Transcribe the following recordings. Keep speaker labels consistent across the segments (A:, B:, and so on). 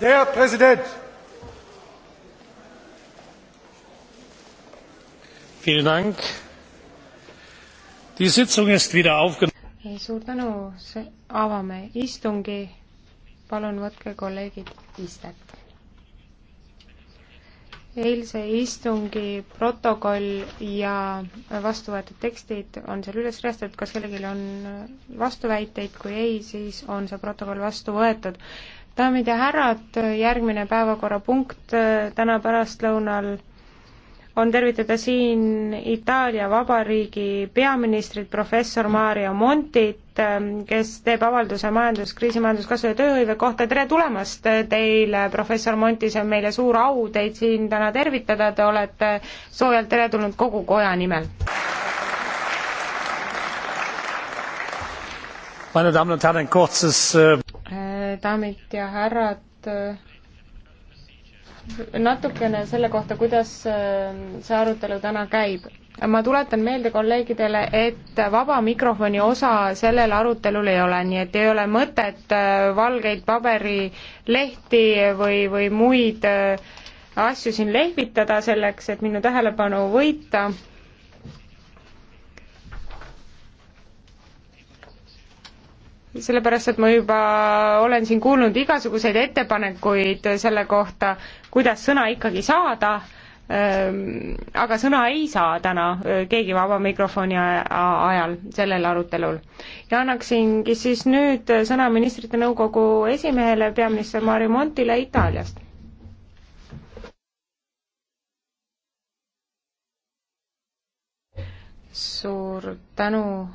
A: Der Präsident! Vielen Dank. Die Sitzung ist
B: wieder
C: aufgenommen.
D: Suur tänu, avame istungi. palun võtke kolleegid istet. eilse istungi protokoll ja vastu võetud tekstid on seal üles reastatud, kas kellelgi on vastuväiteid, kui ei, siis on see protokoll vastu võetud daamid ja härrad, järgmine päevakorrapunkt äh, täna pärastlõunal on tervitada siin Itaalia Vabariigi peaministrit, professor Mario Montit, äh, kes teeb avalduse majanduskriisi, majanduskasvu ja tööhõive kohta. tere tulemast teile, professor Monti, see on meile suur au teid siin täna tervitada, te olete soojalt teretulnud kogu koja nimel.
A: meine Damen und Herren, ein kurzes äh,
D: daamid ja härrad, natukene selle kohta, kuidas ähm, see arutelu täna käib. ma tuletan meelde kolleegidele, et vaba mikrofoni osa sellel arutelul ei ole, nii et ei ole mõtet äh, valgeid paberilehti või, või muid äh, asju siin lehvitada selleks, et minu tähelepanu võita sellepärast, et ma juba olen siin kuulnud igasuguseid ettepanekuid selle kohta, kuidas sõna ikkagi saada, ehm, aga sõna ei saa täna keegi vaba mikrofoni ajal sellel arutelul. ja annaksingi siis nüüd sõna ministrite nõukogu esimehele, peaminister Mario Montile Itaaliast. suur tänu,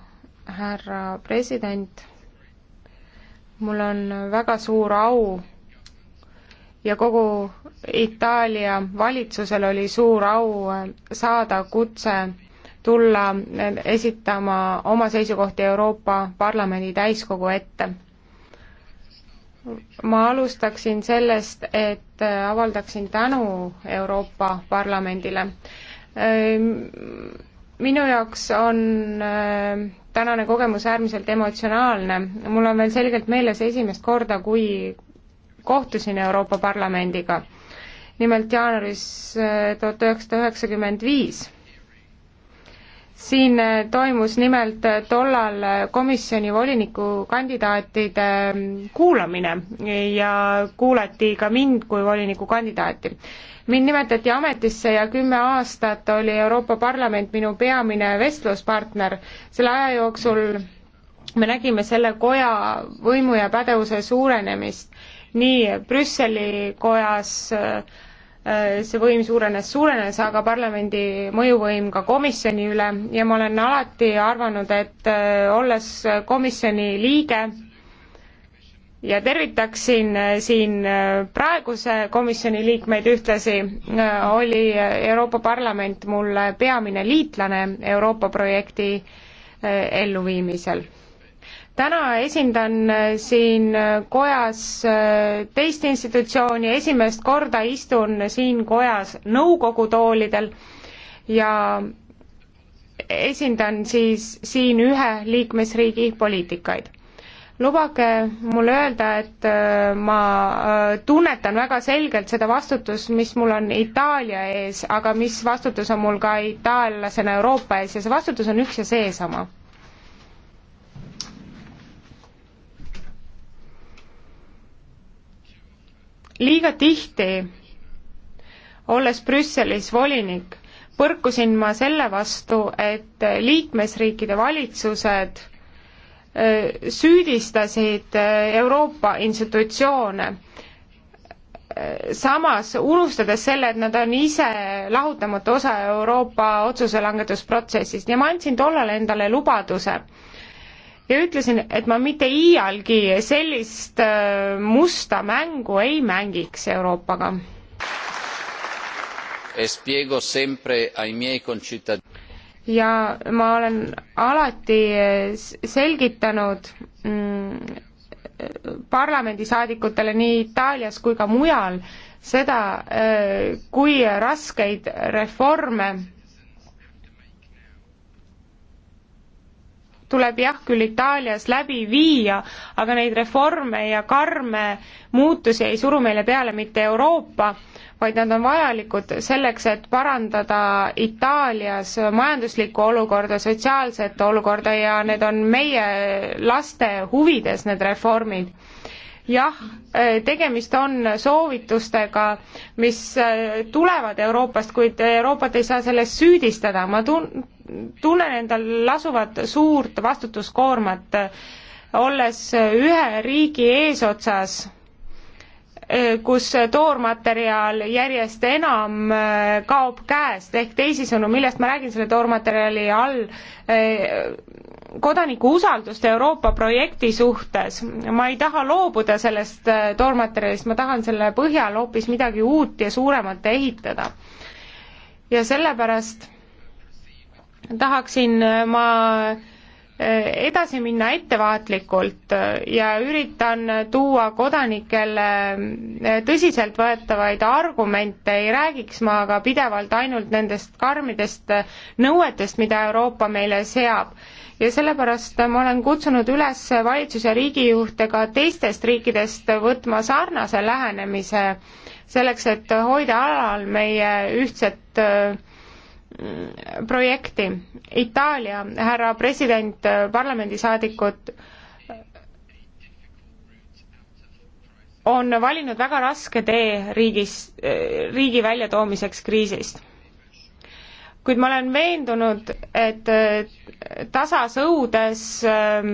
D: härra president mul on väga suur au ja kogu Itaalia valitsusel oli suur au äh, saada kutse tulla äh, esitama oma seisukohti Euroopa Parlamendi täiskogu ette. ma alustaksin sellest, et äh, avaldaksin tänu Euroopa Parlamendile minu jaoks on äh, tänane kogemus äärmiselt emotsionaalne. mul on veel selgelt meeles esimest korda, kui kohtusin Euroopa Parlamendiga. nimelt jaanuaris äh, tuhat üheksasada üheksakümmend viis. siin äh, toimus nimelt tollal komisjoni volinikukandidaatide mm, kuulamine ja kuulati ka mind kui volinikukandidaati mind nimetati ametisse ja kümme aastat oli Euroopa Parlament minu peamine vestluspartner. selle aja jooksul me nägime selle koja võimu ja pädevuse suurenemist nii Brüsseli kojas äh, see võim suurenes, suurenes, aga parlamendi mõjuvõim ka komisjoni üle ja ma olen alati arvanud, et äh, olles komisjoni liige, ja tervitaksin äh, siin äh, praeguse komisjoni liikmeid ühtlasi, äh, oli Euroopa Parlament mulle peamine liitlane Euroopa projekti elluviimisel. täna esindan siin kojas teist institutsiooni, esimest korda istun siin kojas nõukogu toolidel ja esindan siis siin ühe liikmesriigi poliitikaid lubage mulle öelda, et äh, ma äh, tunnetan väga selgelt seda vastutust, mis mul on Itaalia ees, aga mis vastutus on mul ka itaallasena Euroopa ees ja see vastutus on üks ja seesama. liiga tihti, olles Brüsselis volinik, põrkusin ma selle vastu, et liikmesriikide valitsused Äh, süüdistasid äh, Euroopa institutsioone, äh, samas unustades selle, et nad on ise lahutamatu osa Euroopa otsuselangetusprotsessist ja ma andsin tollal endale lubaduse ja ütlesin, et ma mitte iialgi sellist musta mängu ei mängiks Euroopaga.
E: E spiego sempre ai miei concittadini
D: ja ma olen alati selgitanud mm, parlamendisaadikutele nii Itaalias kui ka mujal seda, äh, kui raskeid reforme tuleb jah küll Itaalias läbi viia, aga neid reforme ja karme muutusi ei suru meile peale mitte Euroopa, vaid nad on vajalikud selleks, et parandada Itaalias majanduslikku olukorda, sotsiaalset olukorda ja need on meie laste huvides, need reformid. jah, eh, tegemist on soovitustega, mis eh, tulevad Euroopast, kuid Euroopat ei saa selles süüdistada, ma tun-, tunnen endal lasuvat suurt vastutuskoormat, eh, olles ühe riigi eesotsas Eh, kus toormaterjal järjest enam eh, kaob käest, ehk teisisõnu, millest ma räägin selle toormaterjali all, eh, kodaniku usaldust Euroopa projekti suhtes. ma ei taha loobuda sellest toormaterjalist, ma tahan selle põhjal hoopis midagi uut ja suuremat ehitada. ja sellepärast tahaksin ma äh, edasi minna ettevaatlikult ja üritan tuua kodanikele tõsiseltvõetavaid argumente, ei räägiks ma aga pidevalt ainult nendest karmidest nõuetest, mida Euroopa meile seab. ja sellepärast ma olen kutsunud üles valitsuse riigijuhte ka teistest riikidest võtma sarnase lähenemise selleks, et hoida alal meie ühtset projekti. Itaalia, härra president, äh, parlamendisaadikud, on valinud väga raske tee riigis, äh, riigi väljatoomiseks kriisist. kuid ma olen veendunud, et äh, tasas õudes ähm,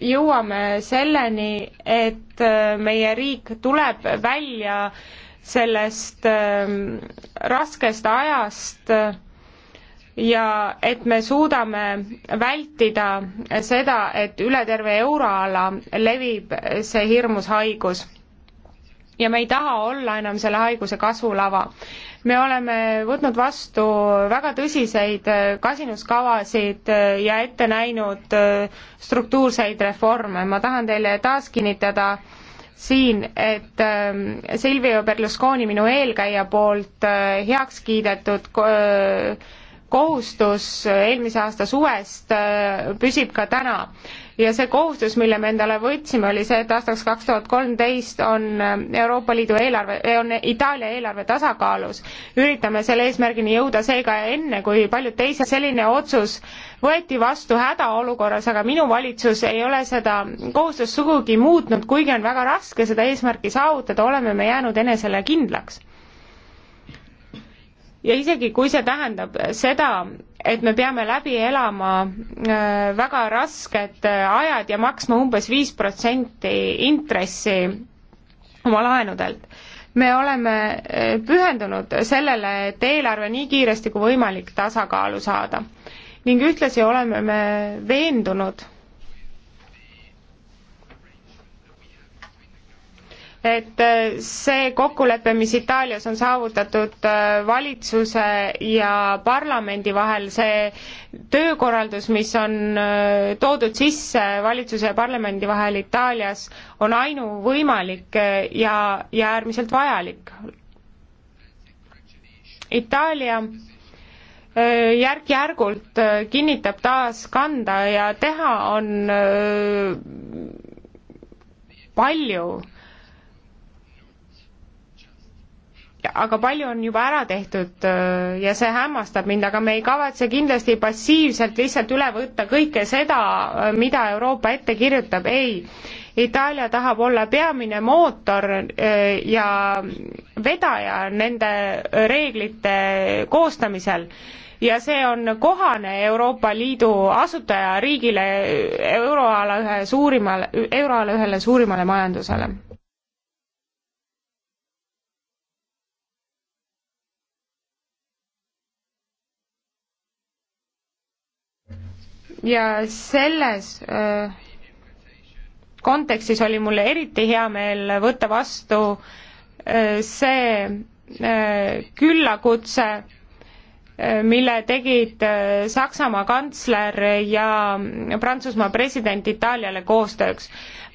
D: jõuame selleni, et meie riik tuleb välja sellest ähm, raskest ajast ja et me suudame vältida seda, et üle terve euroala levib see hirmus haigus. ja me ei taha olla enam selle haiguse kasvulava. me oleme võtnud vastu väga tõsiseid äh, kasinuskavasid äh, ja ette näinud äh, struktuurseid reforme, ma tahan teile taas kinnitada, siin, et ähm, Silvio Berlusconi, minu eelkäija poolt äh, heaks kiidetud äh, kohustus äh, eelmise aasta suvest püsib ka täna ja see kohustus, mille me endale võtsime, oli see, et aastaks kaks tuhat kolmteist on äh, Euroopa Liidu eelarve, äh, on Itaalia eelarve tasakaalus. üritame selle eesmärgini jõuda seega enne, kui paljud teised, selline otsus võeti vastu hädaolukorras, aga minu valitsus ei ole seda kohustust sugugi muutnud, kuigi on väga raske seda eesmärki saavutada, oleme me jäänud enesele kindlaks ja isegi, kui see tähendab seda, et me peame läbi elama äh, väga rasked äh, ajad ja maksma umbes viis protsenti intressi oma laenudelt, me oleme äh, pühendunud sellele, et eelarve nii kiiresti kui võimalik tasakaalu saada. ning ühtlasi oleme me veendunud, et äh, see kokkulepe, mis Itaalias on saavutatud äh, valitsuse ja parlamendi vahel, see töökorraldus, mis on äh, toodud sisse valitsuse ja parlamendi vahel Itaalias, on ainuvõimalik ja, ja äärmiselt vajalik. Itaalia järk-järgult kinnitab taas kanda ja teha on palju aga palju on juba ära tehtud äh, ja see hämmastab mind, aga me ei kavatse kindlasti passiivselt lihtsalt üle võtta kõike seda, äh, mida Euroopa ette kirjutab, ei. Itaalia tahab olla peamine mootor äh, ja vedaja nende reeglite koostamisel ja see on kohane Euroopa Liidu asutajariigile, euroala ühe suurimale, euroala ühele suurimale majandusele ja selles äh, kontekstis oli mul eriti hea meel võtta vastu äh, see äh, küllakutse, mille tegid Saksamaa kantsler ja Prantsusmaa president Itaaliale koostööks.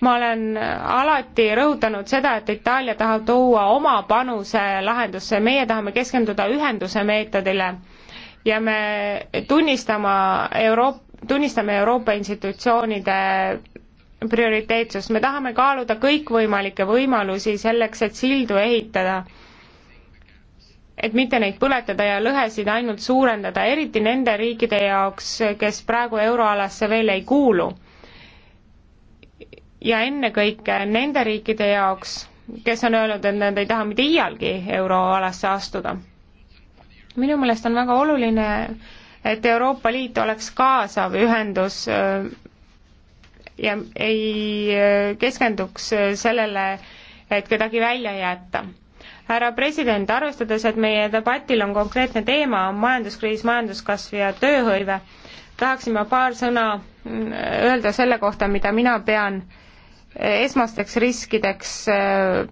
D: ma olen alati rõhutanud seda, et Itaalia tahab tuua oma panuse lahendusse, meie tahame keskenduda ühenduse meetodile ja me tunnistama Euroopa tunnistame Euroopa institutsioonide prioriteetsust, me tahame kaaluda kõikvõimalikke võimalusi selleks, et sildu ehitada, et mitte neid põletada ja lõhesid ainult suurendada, eriti nende riikide jaoks, kes praegu euroalasse veel ei kuulu. ja ennekõike nende riikide jaoks, kes on öelnud, et nad ei taha mitte iialgi euroalasse astuda. minu meelest on väga oluline et Euroopa Liit oleks kaasav ühendus äh, ja ei äh, keskenduks äh, sellele, et kedagi välja jätta. härra president, arvestades, et meie debatil on konkreetne teema, majanduskriis, majanduskasv ja tööhõive, tahaksin ma paar sõna mm, öelda selle kohta, mida mina pean esmasteks riskideks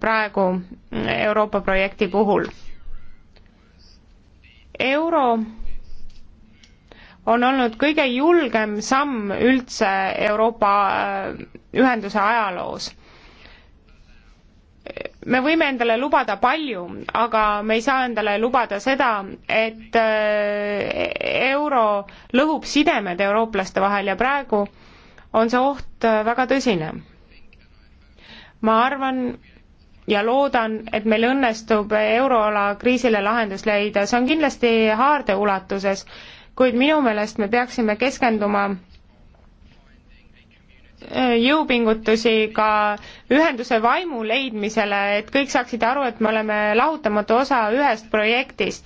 D: praegu mm, Euroopa projekti puhul. euro on olnud kõige julgem samm üldse Euroopa äh, ühenduse ajaloos. me võime endale lubada palju, aga me ei saa endale lubada seda, et äh, euro lõhub sidemed eurooplaste vahel ja praegu on see oht äh, väga tõsine. ma arvan, ja loodan, et meil õnnestub euroala kriisile lahendus leida, see on kindlasti haarde ulatuses kuid minu meelest me peaksime keskenduma äh, jõupingutusi ka ühenduse vaimu leidmisele, et kõik saaksid aru, et me oleme lahutamatu osa ühest projektist.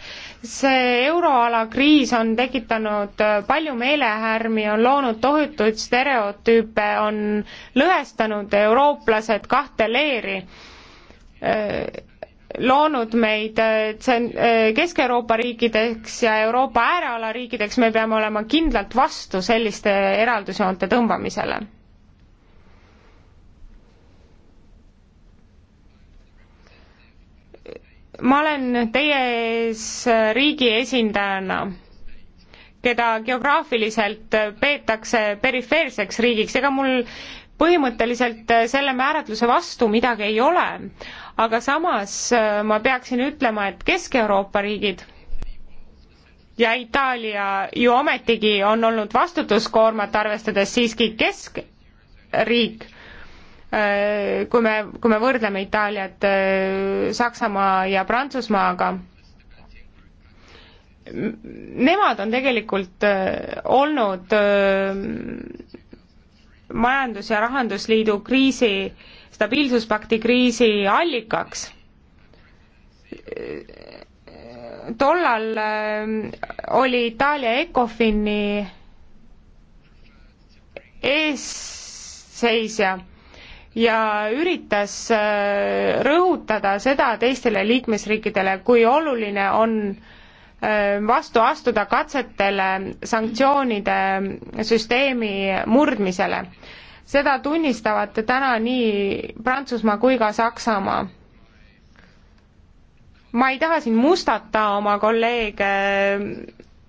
D: see euroala kriis on tekitanud äh, palju meelehärmi, on loonud tohutuid stereotüüpe, on lõhestanud eurooplased kahte leeri äh, loonud meid äh, äh, Kesk-Euroopa riikideks ja Euroopa ääreala riikideks, me peame olema kindlalt vastu selliste eraldusjoonte tõmbamisele. ma olen teie ees äh, riigi esindajana, keda geograafiliselt peetakse perifeerseks riigiks, ega mul põhimõtteliselt äh, selle määratluse vastu midagi ei ole, aga samas äh, ma peaksin ütlema, et Kesk-Euroopa riigid ja Itaalia ju ometigi on olnud vastutuskoormat arvestades siiski keskriik, äh, kui me, kui me võrdleme Itaaliat Saksamaa ja Prantsusmaaga, nemad on tegelikult olnud majandus- ja rahandusliidu kriisi, stabiilsuspakti kriisi allikaks. tollal äh, oli Itaalia Ecofini eesseisja ja üritas äh, rõhutada seda teistele liikmesriikidele, kui oluline on äh, Äh, vastu astuda katsetele sanktsioonide süsteemi murdmisele. seda tunnistavad täna nii Prantsusmaa kui ka Saksamaa. ma ei taha siin mustata oma kolleege äh,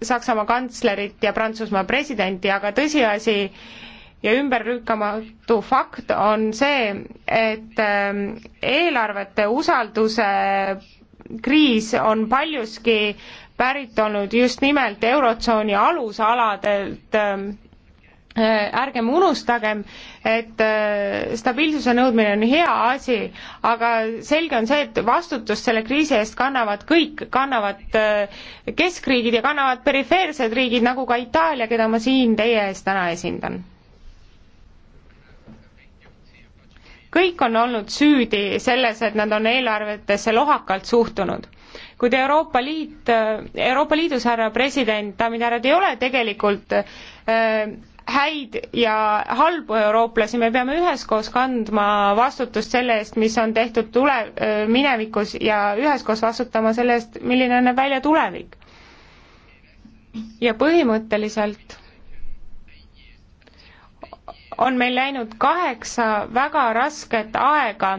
D: Saksamaa kantslerit ja Prantsusmaa presidenti, aga tõsiasi ja ümberlükkamatu fakt on see, et äh, eelarvete usalduse kriis on paljuski pärit olnud just nimelt Eurotsooni alusaladelt äh, ärgem unustagem, et äh, stabiilsuse nõudmine on hea asi, aga selge on see, et vastutust selle kriisi eest kannavad kõik, kannavad äh, keskriigid ja kannavad perifeersed riigid, nagu ka Itaalia, keda ma siin teie ees täna esindan kõik on olnud süüdi selles, et nad on eelarvetesse lohakalt suhtunud. kuid Euroopa Liit, Euroopa Liidus, härra president, daamid ja härrad, ei ole tegelikult äh, häid ja halbu eurooplasi, me peame üheskoos kandma vastutust selle eest, mis on tehtud tule, äh, minevikus ja üheskoos vastutama selle eest, milline näeb välja tulevik. ja põhimõtteliselt on meil läinud kaheksa väga rasket aega,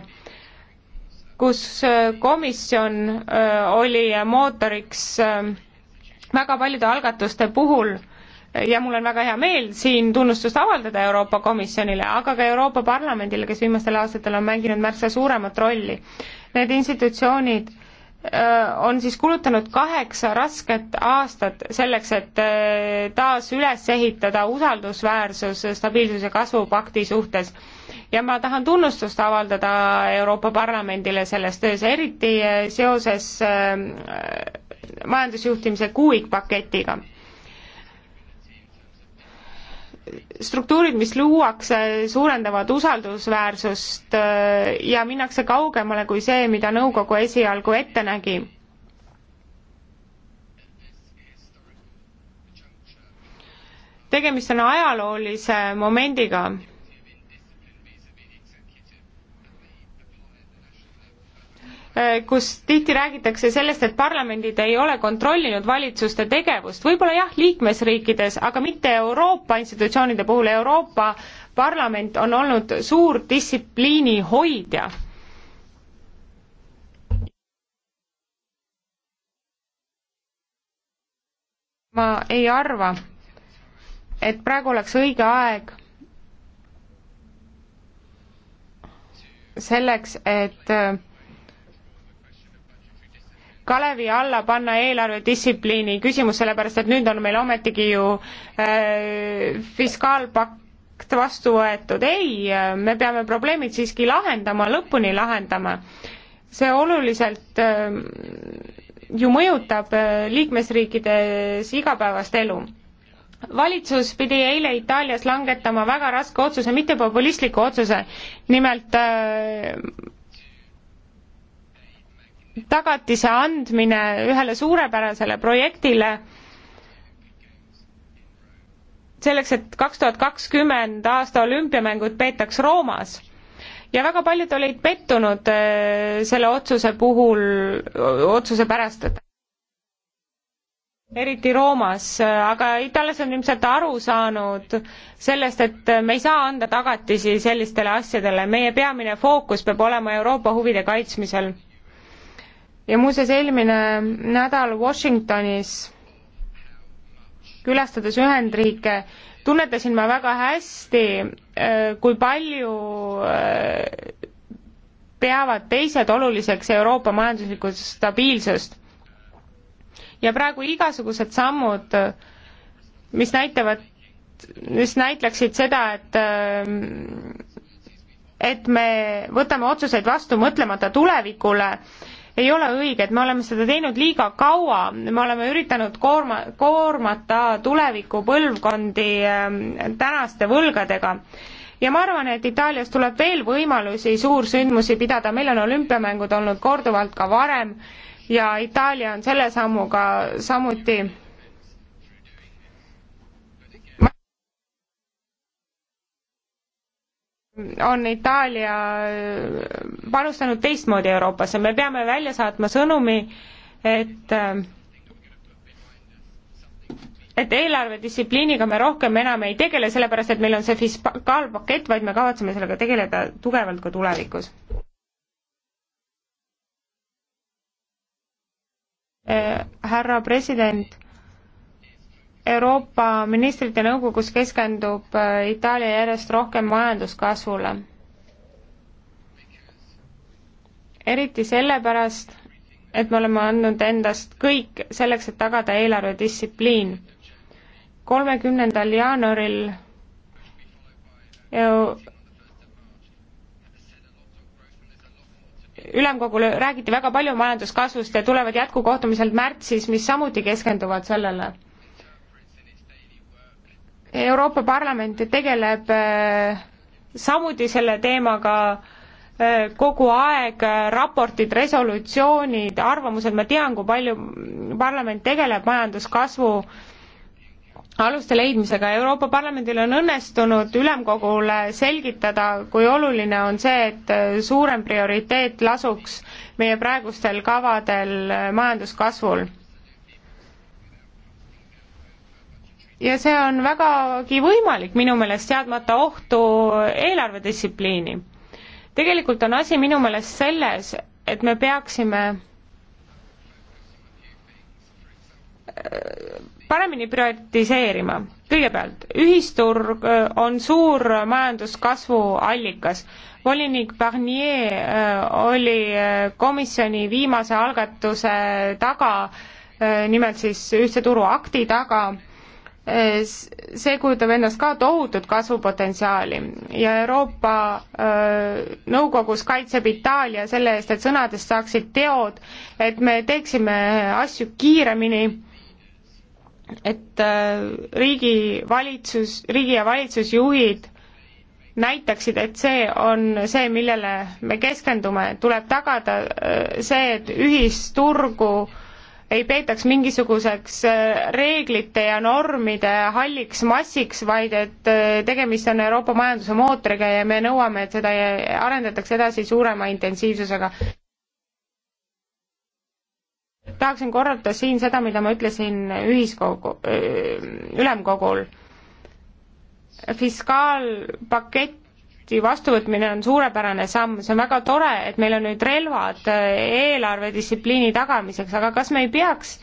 D: kus äh, komisjon äh, oli mootoriks äh, väga paljude algatuste puhul ja mul on väga hea meel siin tunnustust avaldada Euroopa Komisjonile, aga ka Euroopa Parlamendile, kes viimastel aastatel on mänginud märksa suuremat rolli. Need institutsioonid Äh, on siis kulutanud kaheksa rasket aastat selleks, et äh, taas üles ehitada usaldusväärsus stabiilsuse kasvupakti suhtes. ja ma tahan tunnustust avaldada Euroopa Parlamendile selles töös, eriti äh, seoses majandusjuhtimise kuuikpaketiga struktuurid, mis luuakse, suurendavad usaldusväärsust äh, ja minnakse kaugemale kui see, mida nõukogu esialgu ette nägi. tegemist on ajaloolise momendiga Äh, kus tihti räägitakse sellest, et parlamendid ei ole kontrollinud valitsuste tegevust, võib-olla jah, liikmesriikides, aga mitte Euroopa institutsioonide puhul, Euroopa Parlament on olnud suur distsipliini hoidja ma ei arva, et praegu oleks õige aeg selleks, et äh, kalevi alla panna eelarvedistsipliini küsimus, sellepärast et nüüd on meil ometigi ju äh, fiskaalpakt vastu võetud. ei, me peame probleemid siiski lahendama, lõpuni lahendama. see oluliselt äh, ju mõjutab äh, liikmesriikides igapäevast elu valitsus pidi eile Itaalias langetama väga raske otsuse, mitte populistliku otsuse, nimelt äh, tagatise andmine ühele suurepärasele projektile selleks, et kaks tuhat kakskümmend aasta olümpiamängud peetaks Roomas. ja väga paljud olid pettunud äh, selle otsuse puhul, otsuse pärast, et eriti Roomas, äh, aga itaallased on ilmselt aru saanud sellest, et me ei saa anda tagatisi sellistele asjadele, meie peamine fookus peab olema Euroopa huvide kaitsmisel ja muuseas, eelmine nädal Washingtonis külastades Ühendriike, tunnetasin ma väga hästi, äh, kui palju äh, peavad teised oluliseks Euroopa majanduslikku stabiilsust. ja praegu igasugused sammud, mis näitavad, mis näitleksid seda, et äh, et me võtame otsuseid vastu mõtlemata tulevikule, ei ole õiged, me oleme seda teinud liiga kaua, me oleme üritanud koorma, koormata tulevikupõlvkondi ähm, tänaste võlgadega ja ma arvan, et Itaalias tuleb veel võimalusi suursündmusi pidada, meil on olümpiamängud olnud korduvalt ka varem ja Itaalia on selle sammuga samuti on Itaalia äh, panustanud teistmoodi Euroopasse, me peame välja saatma sõnumi, et äh, et eelarvedistsipliiniga me rohkem enam ei tegele, sellepärast et meil on see fiskaalpakett, vaid me kavatseme sellega tegeleda tugevalt ka tulevikus. Äh, härra president Euroopa ministrite nõukogus keskendub äh, Itaalia järjest rohkem majanduskasvule. eriti sellepärast, et me oleme andnud endast kõik selleks, et tagada eelarvedistsipliin. kolmekümnendal jaanuaril ülemkogul räägiti väga palju majanduskasvust ja tulevad jätkukohtumiselt märtsis, mis samuti keskenduvad sellele Euroopa Parlament tegeleb äh, samuti selle teemaga äh, kogu aeg, äh, raportid, resolutsioonid, arvamused, ma tean, kui palju parlament tegeleb majanduskasvu aluste leidmisega. Euroopa Parlamendil on õnnestunud ülemkogule selgitada, kui oluline on see, et suurem prioriteet lasuks meie praegustel kavadel majanduskasvul ja see on vägagi võimalik minu meelest, seadmata ohtu eelarvedistsipliini. tegelikult on asi minu meelest selles, et me peaksime äh, paremini prioritiseerima. kõigepealt, ühisturg äh, on suur majanduskasvu allikas. volinik Barnier äh, oli komisjoni viimase algatuse taga, nimelt siis ühtse turu akti taga see kujutab endast ka tohutut kasvupotentsiaali ja Euroopa öö, Nõukogus kaitseb Itaalia selle eest, et sõnadest saaksid teod, et me teeksime asju kiiremini, et öö, riigi valitsus, riigi ja valitsusjuhid näitaksid, et see on see, millele me keskendume, tuleb tagada öö, see, et ühisturgu öö, ei peetaks mingisuguseks äh, reeglite ja normide halliks massiks, vaid et äh, tegemist on Euroopa majanduse mootoriga ja me nõuame, et seda arendatakse edasi suurema intensiivsusega. tahaksin korrata siin seda, mida ma ütlesin ühiskogu, äh, ülemkogul fiskaalpakett raporti vastuvõtmine on suurepärane samm, see on väga tore, et meil on nüüd relvad äh, eelarvedistsipliini tagamiseks, aga kas me ei peaks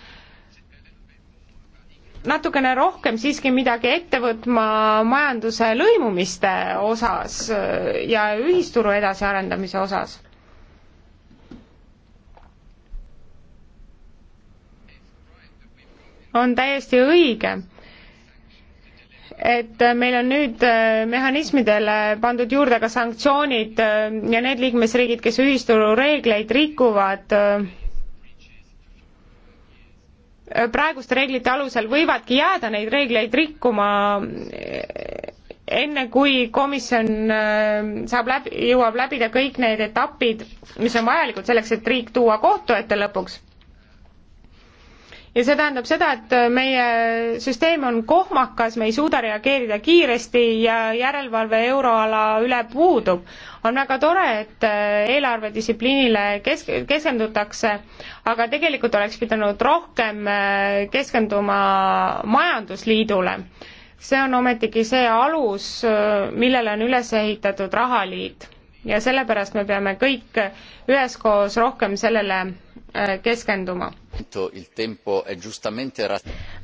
D: natukene rohkem siiski midagi ette võtma majanduse lõimumiste osas äh, ja ühisturu edasiarendamise osas? on täiesti õige et meil on nüüd äh, mehhanismidele pandud juurde ka sanktsioonid äh, ja need liikmesriigid, kes ühisturu reegleid rikuvad, äh, praeguste reeglite alusel võivadki jääda neid reegleid rikkuma enne kui komisjon saab läbi, jõuab läbida kõik need etapid, mis on vajalikud selleks, et riik tuua kohtu ette lõpuks ja see tähendab seda, et meie süsteem on kohmakas, me ei suuda reageerida kiiresti ja järelevalve euroala üle puudub. on väga tore, et eelarvedistsipliinile kesk-, keskendutakse, aga tegelikult oleks pidanud rohkem äh, keskenduma majandusliidule. see on ometigi see alus, äh, millele on üles ehitatud rahaliit ja sellepärast me peame kõik üheskoos rohkem
E: sellele äh,
D: keskenduma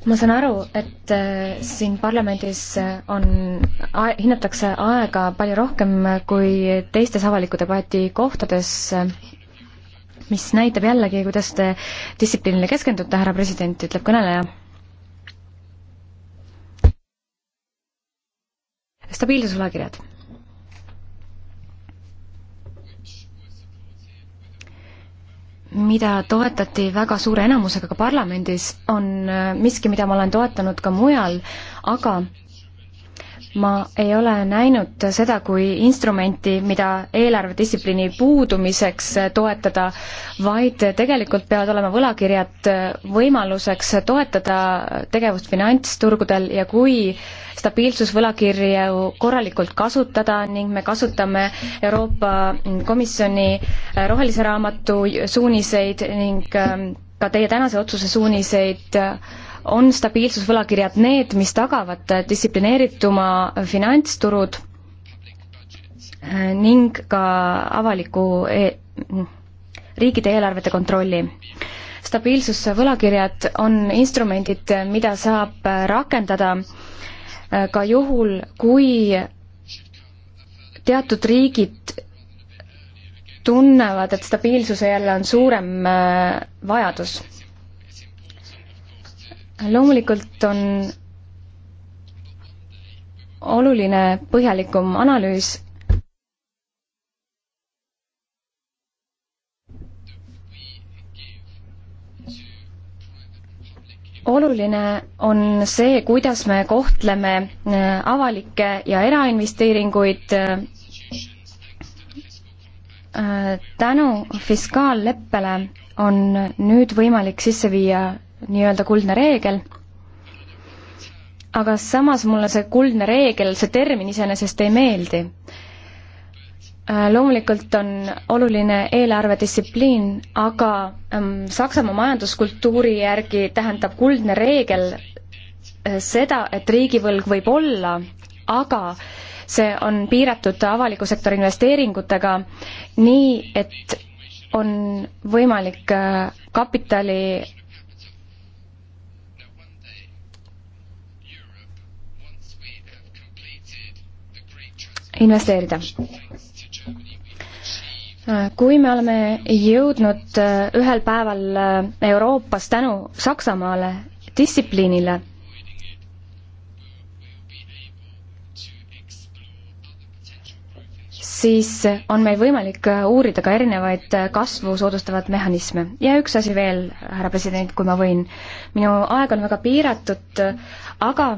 F: ma saan aru, et äh, siin parlamendis äh, on, hinnatakse aega palju rohkem kui teistes avaliku debati kohtades, äh, mis näitab jällegi, kuidas te distsipliinile keskendute, härra president, ütleb kõneleja. stabiilsusulakirjad mida toetati väga suure enamusega ka parlamendis, on äh, miski, mida ma olen toetanud ka mujal, aga ma ei ole näinud seda kui instrumenti, mida eelarvedistsipliini puudumiseks toetada, vaid tegelikult peavad olema võlakirjad võimaluseks toetada tegevust finantsturgudel ja kui stabiilsusvõlakirju korralikult kasutada ning me kasutame Euroopa Komisjoni rohelise raamatu suuniseid ning ähm, ka teie tänase otsuse suuniseid äh, on stabiilsusvõlakirjad need, mis tagavad distsiplineerituma finantsturud ning ka avaliku e riikide eelarvete kontrolli. stabiilsusvõlakirjad on instrumendid, mida saab rakendada ka juhul, kui teatud riigid tunnevad, et stabiilsuse jälle on suurem äh, vajadus loomulikult on oluline põhjalikum analüüs. oluline on see, kuidas me kohtleme äh, avalikke ja erainvesteeringuid äh, tänu fiskaalleppele on nüüd võimalik sisse viia nii-öelda kuldne reegel, aga samas mulle see kuldne reegel, see termin iseenesest ei meeldi. Äh, loomulikult on oluline eelarvedistsipliin, aga ähm, Saksamaa majanduskultuuri järgi tähendab kuldne reegel äh, seda, et riigivõlg võib olla, aga see on piiratud avaliku sektori investeeringutega nii, et on võimalik äh, kapitali investeerida. kui me oleme jõudnud äh, ühel päeval äh, Euroopas tänu Saksamaale distsipliinile, siis on meil võimalik äh, uurida ka erinevaid kasvu soodustavaid mehhanisme. ja üks asi veel, härra president, kui ma võin. minu aeg on väga piiratud, aga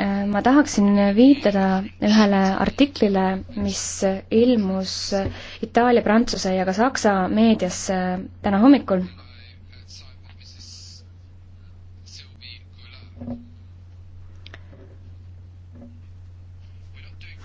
F: ma tahaksin viitada ühele artiklile, mis ilmus Itaalia, Prantsuse ja ka Saksa meedias täna hommikul.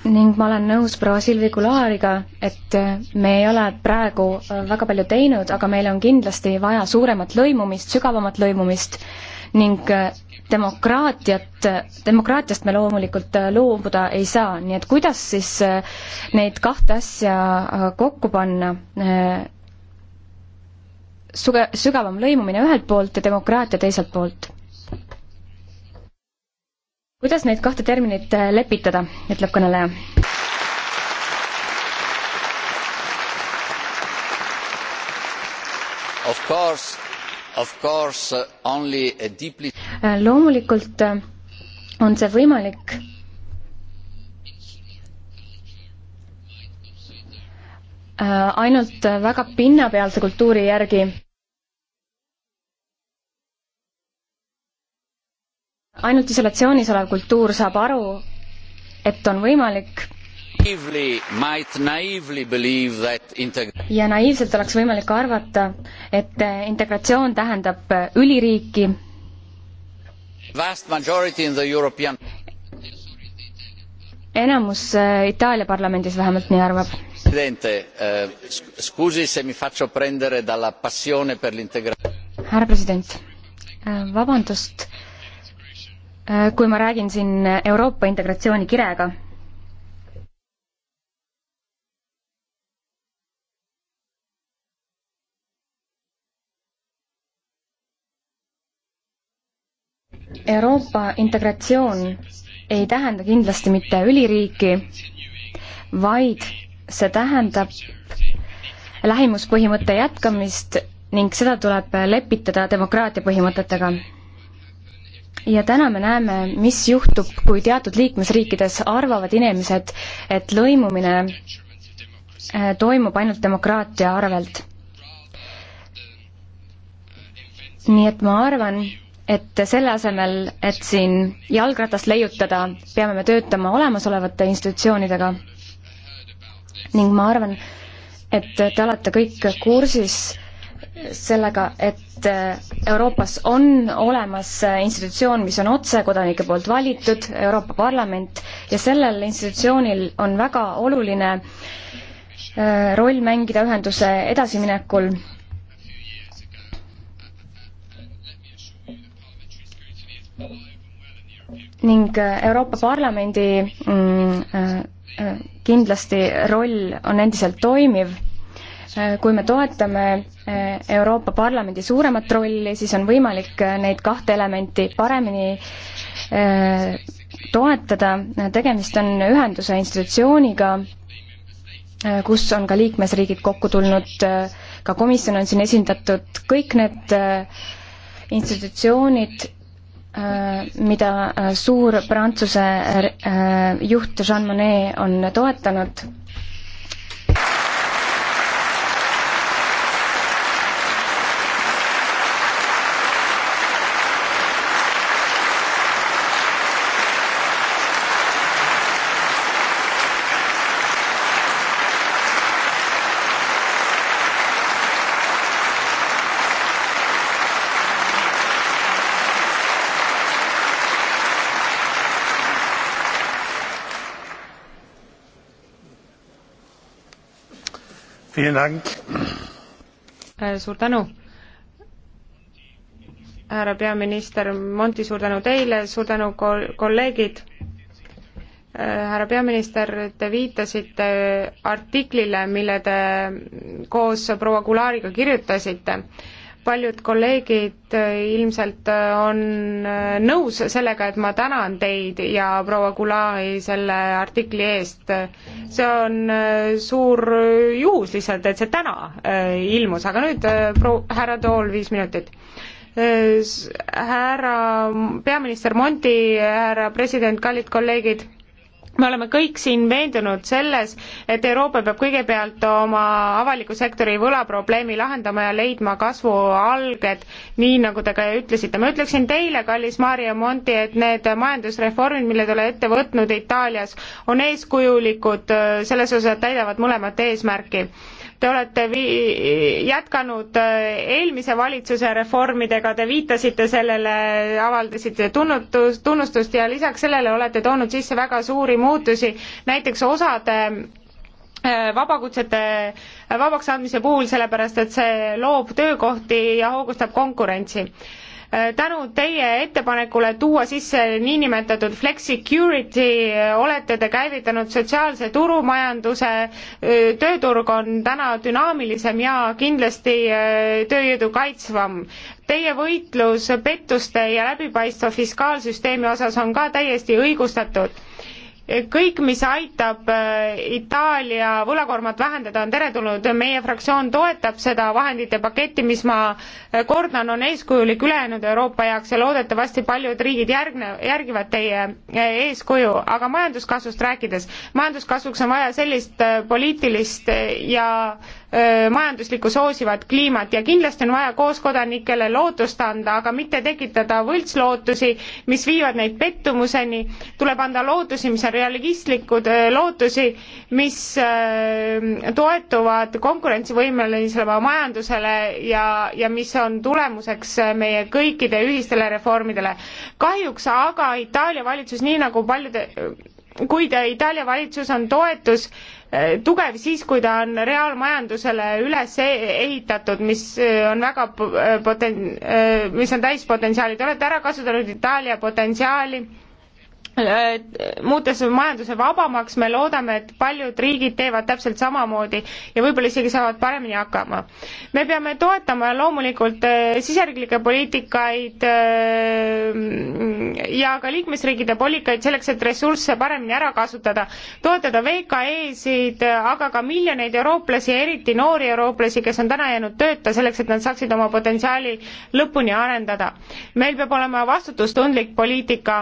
F: ning ma olen nõus proua Silvi Kulaariga, et me ei ole praegu väga palju teinud, aga meil on kindlasti vaja suuremat lõimumist, sügavamat lõimumist äh, ning äh, demokraatiat, demokraatiast me loomulikult äh, loobuda ei saa, nii et kuidas siis äh, neid kahte asja kokku panna, suge-, sügavam lõimumine ühelt poolt ja demokraatia teiselt poolt? kuidas neid kahte terminit lepitada, ütleb kõneleja.
E: Of course Uh, deeply...
F: Äh, loomulikult äh, on see võimalik. Äh, ainult väga pinnapealse kultuuri järgi ainult isolatsioonis olev kultuur saab aru, et on võimalik ja naiivselt oleks võimalik arvata, et äh, integratsioon tähendab äh, üliriiki. enamus äh, Itaalia parlamendis vähemalt nii arvab. härra president, vabandust, kui ma räägin siin Euroopa integratsiooni kirega Euroopa integratsioon ei tähenda kindlasti mitte üliriiki, vaid see tähendab lähimuspõhimõtte jätkamist ning seda tuleb lepitada demokraatia põhimõtetega. ja täna me näeme, mis juhtub, kui teatud liikmesriikides arvavad inimesed, et lõimumine äh, toimub ainult demokraatia arvelt. nii et ma arvan, et selle asemel, et siin jalgratast leiutada, peame me töötama olemasolevate institutsioonidega ning ma arvan, et te olete kõik kursis sellega, et Euroopas on olemas institutsioon, mis on otse kodanike poolt valitud, Euroopa Parlament, ja sellel institutsioonil on väga oluline äh, roll mängida ühenduse edasiminekul ning äh, Euroopa Parlamendi mm, äh, äh, kindlasti roll on endiselt toimiv kui me toetame Euroopa Parlamendi suuremat rolli, siis on võimalik neid kahte elementi paremini toetada, tegemist on ühenduse institutsiooniga, kus on ka liikmesriigid kokku tulnud, ka komisjon on siin esindatud, kõik need institutsioonid Äh, mida äh, suur Prantsuse äh, juht Jean Monnet on toetanud
A: Äh,
D: suur tänu härra peaminister Monti, suur tänu teile, suur tänu kol-, kolleegid. Äh, härra peaminister, te viitasite artiklile, mille te koos proua Kulaariga kirjutasite paljud kolleegid äh, ilmselt äh, on äh, nõus sellega, et ma tänan teid ja proua Gulari selle artikli eest. see on suur juhus lihtsalt, et see täna ilmus, aga nüüd proua, härra Tool, viis minutit härra peaminister Monti, härra president, kallid kolleegid me oleme kõik siin veendunud selles, et Euroopa peab kõigepealt oma avaliku sektori võlaprobleemi lahendama ja leidma kasvualged, nii nagu te ka ütlesite. ma ütleksin teile, kallis Mario Monti, et need majandusreformid, mille te olete ette võtnud Itaalias, on eeskujulikud äh, selles osas, et täidavad mõlemat eesmärki Te olete vi-, jätkanud äh, eelmise valitsuse reformidega, te viitasite sellele, avaldasite tunnutust, tunnustust ja lisaks sellele olete toonud sisse väga suuri muutusi, näiteks osade äh, vabakutsete vabaks andmise puhul, sellepärast et see loob töökohti ja hoogustab konkurentsi Äh, tänu teie ettepanekule tuua sisse niinimetatud flexicurity äh, olete te käivitanud sotsiaalse turumajanduse, äh, tööturg on täna dünaamilisem ja kindlasti tööjõudu kaitsvam. Teie võitlus pettuste ja läbipaistva fiskaalsüsteemi osas on ka täiesti õigustatud kõik, mis aitab äh, Itaalia võlakoormat vähendada, on teretulnud, meie fraktsioon toetab seda vahendite paketti, mis ma äh, kordan, on eeskujulik ülejäänud Euroopa jaoks ja loodetavasti paljud riigid järgne, järgivad teie äh, eeskuju, aga majanduskasvust rääkides, majanduskasvuks on vaja sellist poliitilist ja majanduslikku soosivat kliimat ja kindlasti on vaja kooskodanikele lootust anda, aga mitte tekitada võltslootusi, mis viivad neid pettumuseni, tuleb anda lootusi, mis on realistlikud äh, lootusi, mis äh, toetuvad konkurentsivõimelisele majandusele ja, ja mis on tulemuseks äh, meie kõikide ühistele reformidele. kahjuks aga Itaalia valitsus, nii nagu paljude kuid Itaalia valitsus on toetus tugev siis, kui ta on reaalmajandusele üles e-, ehitatud, mis on väga poten-, mis on täispotentsiaali, te olete ära kasutanud Itaalia potentsiaali Äh, muutes majanduse vabamaks, me loodame, et paljud riigid teevad täpselt samamoodi ja võib-olla isegi saavad paremini hakkama. me peame toetama loomulikult äh, siseriiklikke poliitikaid äh, ja ka liikmesriikide poliitikaid selleks, et ressursse paremini ära kasutada, toetada VKE-sid, aga ka miljoneid eurooplasi, eriti noori eurooplasi, kes on täna jäänud tööta, selleks et nad saaksid oma potentsiaali lõpuni arendada. meil peab olema vastutustundlik poliitika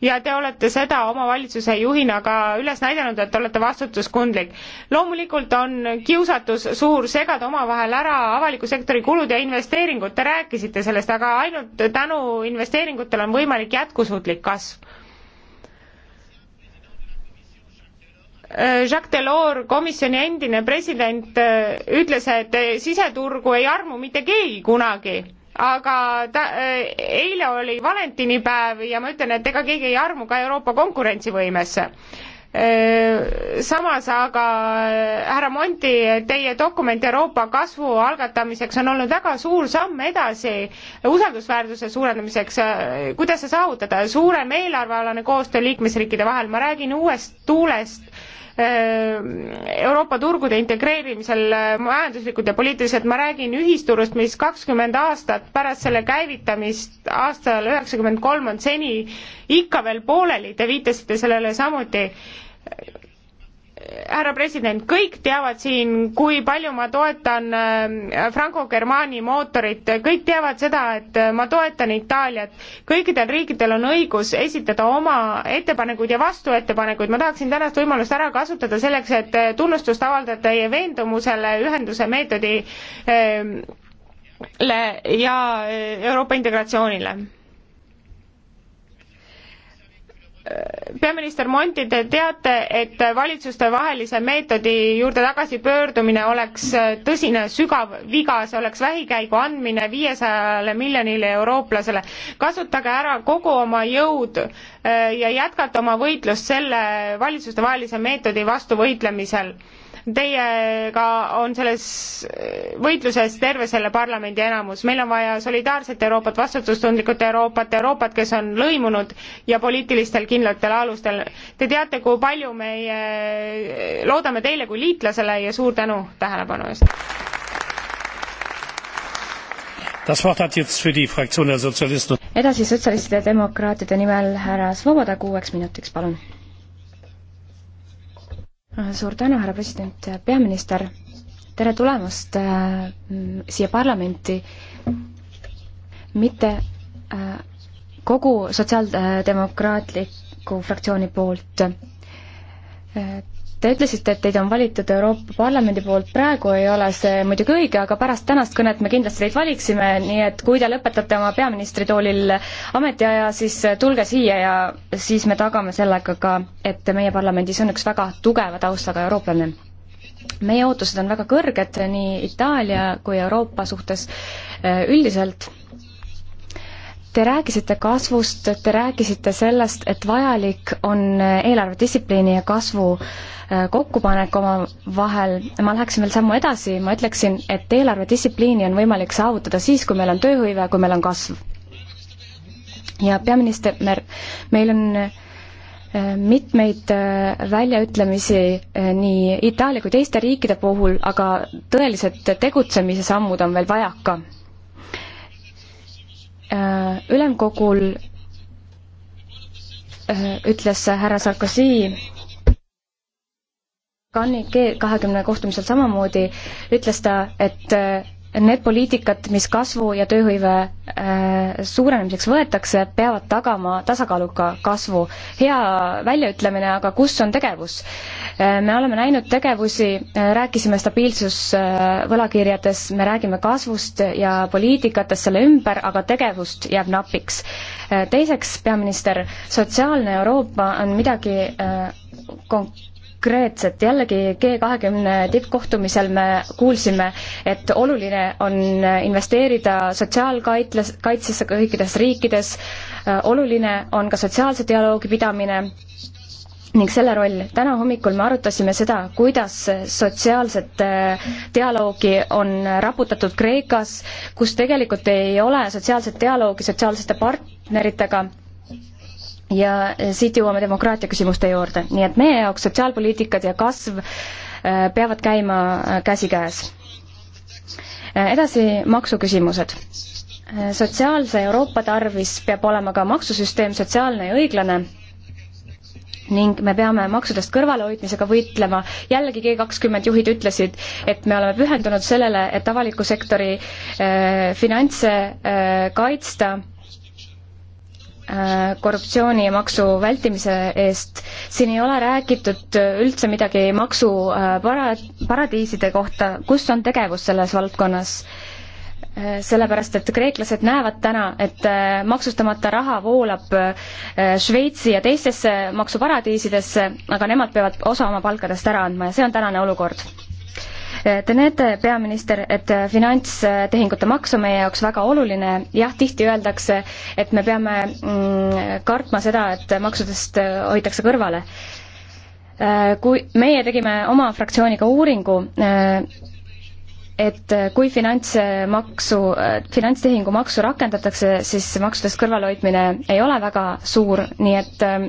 D: ja te olete seda oma valitsuse juhina ka üles näidanud, et te olete vastutustundlik. loomulikult on kiusatus suur segada omavahel ära avaliku sektori kulud ja investeeringud, te rääkisite sellest, aga ainult tänu investeeringutele on võimalik jätkusuutlik kasv Jacques Delors, komisjoni endine president, ütles, et siseturgu ei armu mitte keegi kunagi aga ta, eh, eile oli valentinipäev ja ma ütlen, et ega keegi ei armu ka Euroopa konkurentsivõimesse eh, samas aga eh, härra Monti, teie dokument Euroopa kasvu algatamiseks on olnud väga suur samm edasi usaldusväärsuse suurendamiseks. kuidas see saavutada? suurem eelarvealane koostöö liikmesriikide vahel, ma räägin uuest tuulest Äh, Euroopa turgude integreerimisel äh, majanduslikult ja poliitiliselt, ma räägin ühisturust, mis kakskümmend aastat pärast selle käivitamist aastal üheksakümmend kolm on seni ikka veel pooleli, te viitasite sellele samuti härra president, kõik teavad siin, kui palju ma toetan äh, Franco Germani mootorit, kõik teavad seda, et äh, ma toetan Itaaliat. kõikidel riikidel on õigus esitada oma ettepanekuid ja vastuettepanekuid, ma tahaksin tänast võimalust ära kasutada selleks, et äh, tunnustust avaldada teie veendumusele ühenduse meetodi ähm, ja Euroopa integratsioonile peaminister Monti, te teate, et valitsustevahelise meetodi juurde tagasipöördumine oleks tõsine sügav viga, see oleks vähikäigu andmine viiesajale miljonile eurooplasele. kasutage ära kogu oma jõud äh, ja jätkata oma võitlust selle valitsustevahelise meetodi vastu võitlemisel Teiega on selles võitluses terve selle parlamendi enamus. meil on vaja solidaarset Euroopat, vastutustundlikut Euroopat, Euroopat, kes on lõimunud ja poliitilistel kindlatel alustel. Te teate, kui palju meie loodame teile kui liitlasele ja suur tänu tähelepanu eest.
F: edasi sotsialistide ja demokraatide nimel härra Svoboda kuueks minutiks, palun suur tänu, härra president, peaminister, tere tulemast äh, siia parlamenti. mitte äh, kogu sotsiaaldemokraatliku fraktsiooni poolt äh, Te ütlesite, et teid on valitud Euroopa Parlamendi poolt, praegu ei ole see muidugi õige, aga pärast tänast kõnet me kindlasti teid valiksime, nii et kui te lõpetate oma peaministritoolil ametiaja, siis tulge siia ja siis me tagame sellega ka, et meie parlamendis on üks väga tugeva taustaga eurooplane meie ootused on väga kõrged nii Itaalia kui Euroopa suhtes eh, üldiselt Te rääkisite kasvust, te rääkisite sellest, et vajalik on eelarvedistsipliini ja kasvu äh, kokkupanek omavahel. ma läheksin veel sammu edasi, ma ütleksin, et eelarvedistsipliini on võimalik saavutada siis, kui meil on tööhõive, kui meil on kasv. ja peaminister Mer-, meil on äh, mitmeid äh, väljaütlemisi nii Itaalia kui teiste riikide puhul, aga tõelised tegutsemise sammud on veel vajaka Äh, ülemkogul äh, ütles härra Sarkozy Cannes'i G kahekümne kohtumisel samamoodi, ütles ta, et äh, need poliitikad, mis kasvu ja tööhõive äh, suurenemiseks võetakse, peavad tagama tasakaaluka kasvu. hea väljaütlemine, aga kus on tegevus? Äh, me oleme näinud tegevusi, äh, rääkisime stabiilsusvõlakirjades, me räägime kasvust ja poliitikatest selle ümber, aga tegevust jääb napiks. teiseks, peaminister, sotsiaalne Euroopa on midagi konk-, konkreetset, jällegi G kahekümne tippkohtumisel me kuulsime, et oluline on investeerida sotsiaalkaitles, kaitsesse kõikides riikides, oluline on ka sotsiaalse dialoogi pidamine ning selle roll. täna hommikul me arutasime seda, kuidas sotsiaalset äh, dialoogi on raputatud Kreekas, kus tegelikult ei ole sotsiaalset dialoogi sotsiaalsete partneritega ja siit jõuame demokraatia küsimuste juurde, nii et meie jaoks sotsiaalpoliitikad ja kasv äh, peavad käima äh, käsikäes. Äh, edasi maksuküsimused. sotsiaalse Euroopa tarvis peab olema ka maksusüsteem sotsiaalne ja õiglane ning me peame maksudest kõrvalehoidmisega võitlema. jällegi G kakskümmend juhid ütlesid, et me oleme pühendunud sellele, et avaliku sektori äh, finantse äh, kaitsta äh, Äh, korruptsiooni ja maksu vältimise eest. siin ei ole räägitud äh, üldse midagi maksupara-, äh, paradiiside kohta, kus on tegevus selles valdkonnas? sellepärast, et kreeklased näevad täna, et maksustamata raha voolab Šveitsi ja teistesse maksuparadiisidesse, aga nemad peavad osa oma palkadest ära andma ja see on tänane olukord Te näete, peaminister, et finantstehingute maks on meie jaoks väga oluline, jah, tihti öeldakse, et me peame mm, kartma seda, et maksudest äh, hoitakse kõrvale. Äh, kui meie tegime oma fraktsiooniga uuringu, äh, et kui finantsmaksu, finantstehingu maksu rakendatakse, siis maksudest kõrvalhoidmine ei ole väga suur, nii et ähm,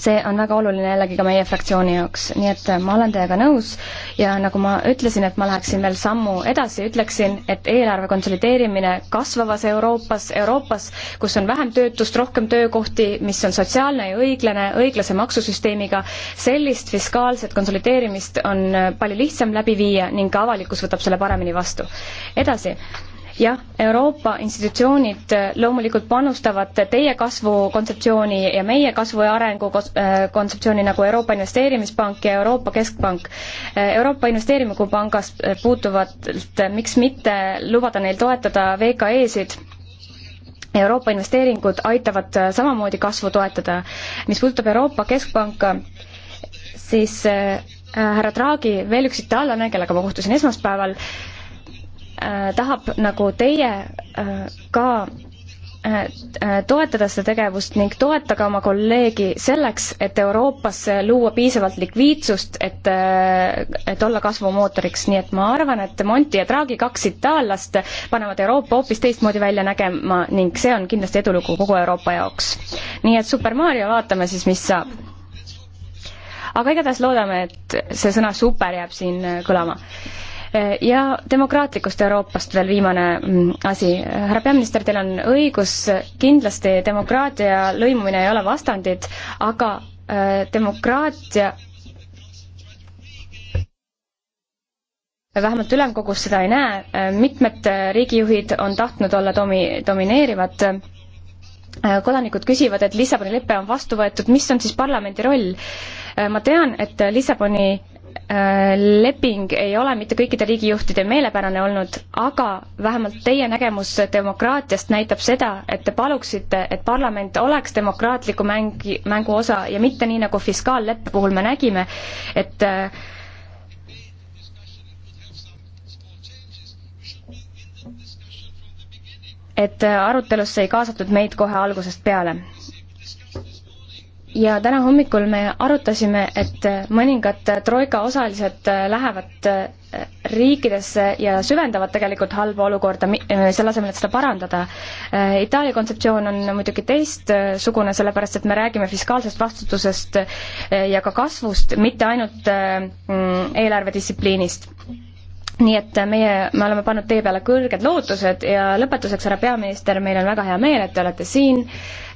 F: see on väga oluline jällegi ka meie fraktsiooni jaoks, nii et äh, ma olen teiega nõus ja nagu ma ütlesin, et ma läheksin veel sammu edasi, ütleksin, et eelarve konsolideerimine kasvavas Euroopas, Euroopas, kus on vähem töötust, rohkem töökohti, mis on sotsiaalne ja õiglane, õiglase maksusüsteemiga, sellist fiskaalset konsolideerimist on äh, palju lihtsam läbi viia ning ka avalikkus võtab selle paremini vastu. edasi jah, Euroopa institutsioonid äh, loomulikult panustavad teie kasvukontseptsiooni ja meie kasvu ja arengu äh, kontseptsiooni nagu Euroopa Investeerimispank ja Euroopa Keskpank. Äh, Euroopa Investeerimispangas puutuvalt, miks mitte lubada neil toetada VKE-sid Euroopa investeeringud aitavad samamoodi kasvu toetada. mis puudutab Euroopa Keskpanka, siis härra Draghi, veel üks itaallane, kellega ma kohtusin esmaspäeval äh,, Äh, tahab nagu teie äh, ka äh, toetada seda tegevust ning toetage oma kolleegi selleks, et Euroopasse luua piisavalt likviidsust, et, et olla kasvumootoriks, nii et ma arvan, et Monti ja Draghi, kaks itaallast, panevad Euroopa hoopis teistmoodi välja nägema ning see on kindlasti edulugu kogu Euroopa jaoks. nii et Super Mario, vaatame siis, mis saab. aga igatahes loodame, et see sõna super jääb siin kõlama ja demokraatlikust Euroopast veel viimane mm, asi. härra peaminister, teil on õigus, kindlasti demokraatia ja lõimumine ei ole vastandid, aga äh, demokraatia vähemalt ülemkogus seda ei näe, äh, mitmed riigijuhid on tahtnud olla domi-, domineerivad, äh, kodanikud küsivad, et Lissaboni lepe on vastu võetud, mis on siis parlamendi roll? ma tean, et Lissaboni leping ei ole mitte kõikide riigijuhtide meelepärane olnud, aga vähemalt teie nägemus demokraatiast näitab seda, et te paluksite, et parlament oleks demokraatliku mängi, mängu osa ja mitte nii, nagu fiskaalleppe puhul me nägime, et et arutelusse ei kaasatud meid kohe algusest peale ja täna hommikul me arutasime, et mõningad troika osalised lähevad äh, riikidesse ja süvendavad tegelikult halba olukorda, äh, selle asemel, et seda parandada. Äh, Itaalia kontseptsioon on muidugi teistsugune, sellepärast et me räägime fiskaalsest vastutusest ja ka kasvust, mitte ainult mm, eelarvedistsipliinist nii et meie, me oleme pannud teie peale kõrged lootused ja lõpetuseks, härra peaminister, meil on väga hea meel, et te olete siin.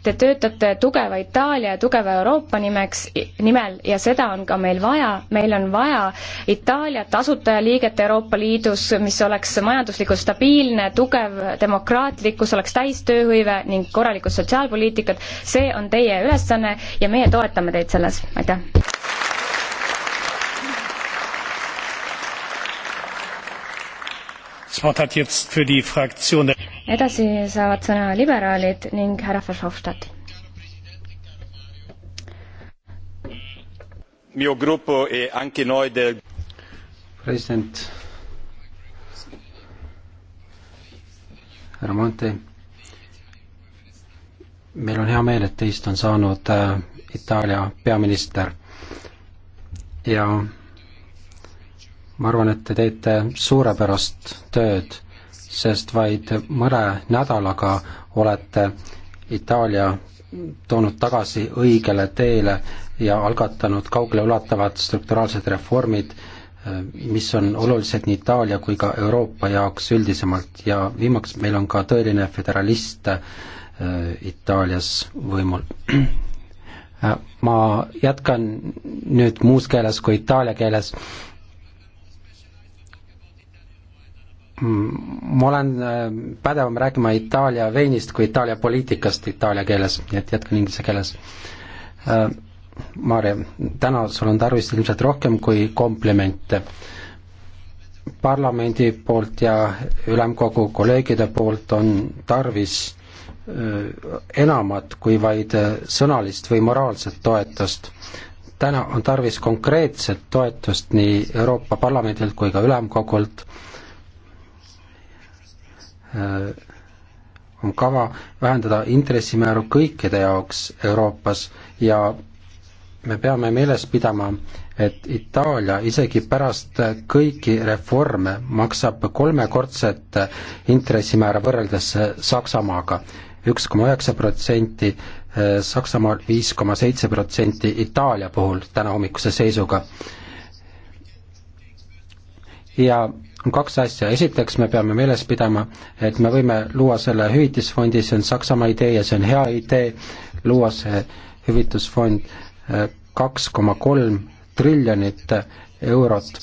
F: Te töötate tugeva Itaalia ja tugeva Euroopa nimeks, nimel ja seda on ka meil vaja. meil on vaja Itaaliat asutajaliiget Euroopa Liidus, mis oleks majanduslikult stabiilne, tugev, demokraatlik, kus oleks täistööhõive ning korralikud sotsiaalpoliitikad. see on teie ülesanne ja meie toetame teid selles, aitäh! edasi saavad sõna liberaalid ning härra Verhofstadt.
E: E
A: president härra Monte, meil on hea meel, et teist on saanud äh, Itaalia peaminister ja ma arvan, et te teete suurepärast tööd, sest vaid mõne nädalaga olete Itaalia toonud tagasi õigele teele ja algatanud kaugeleulatuvad strukturaalsed reformid, mis on olulised nii Itaalia kui ka Euroopa jaoks üldisemalt ja viimaks meil on ka tõeline föderalist äh, Itaalias võimul. ma jätkan nüüd muus keeles kui itaalia keeles äh, Mm, ma olen äh, pädevam rääkima Itaalia veinist kui Itaalia poliitikast itaalia keeles, nii et jätkan inglise keeles. Äh, Maarja, täna sul on tarvis ilmselt rohkem kui komplimente. parlamendi poolt ja ülemkogu kolleegide poolt on tarvis äh, enamat kui vaid sõnalist või moraalset toetust täna on tarvis konkreetset toetust nii Euroopa Parlamendilt kui ka Ülemkogult Äh, on kava vähendada intressimääru kõikide jaoks Euroopas ja me peame meeles pidama, et Itaalia isegi pärast kõiki reforme maksab kolmekordset intressimäära võrreldes Saksamaaga. üks koma üheksa protsenti äh, Saksamaal, viis koma seitse protsenti Itaalia puhul tänahommikuse seisuga. ja on kaks asja, esiteks me peame meeles pidama, et me võime luua selle hüvitisfondi, see on Saksamaa idee ja see on hea idee, luua see hüvitusfond äh, kaks koma kolm triljonit eurot.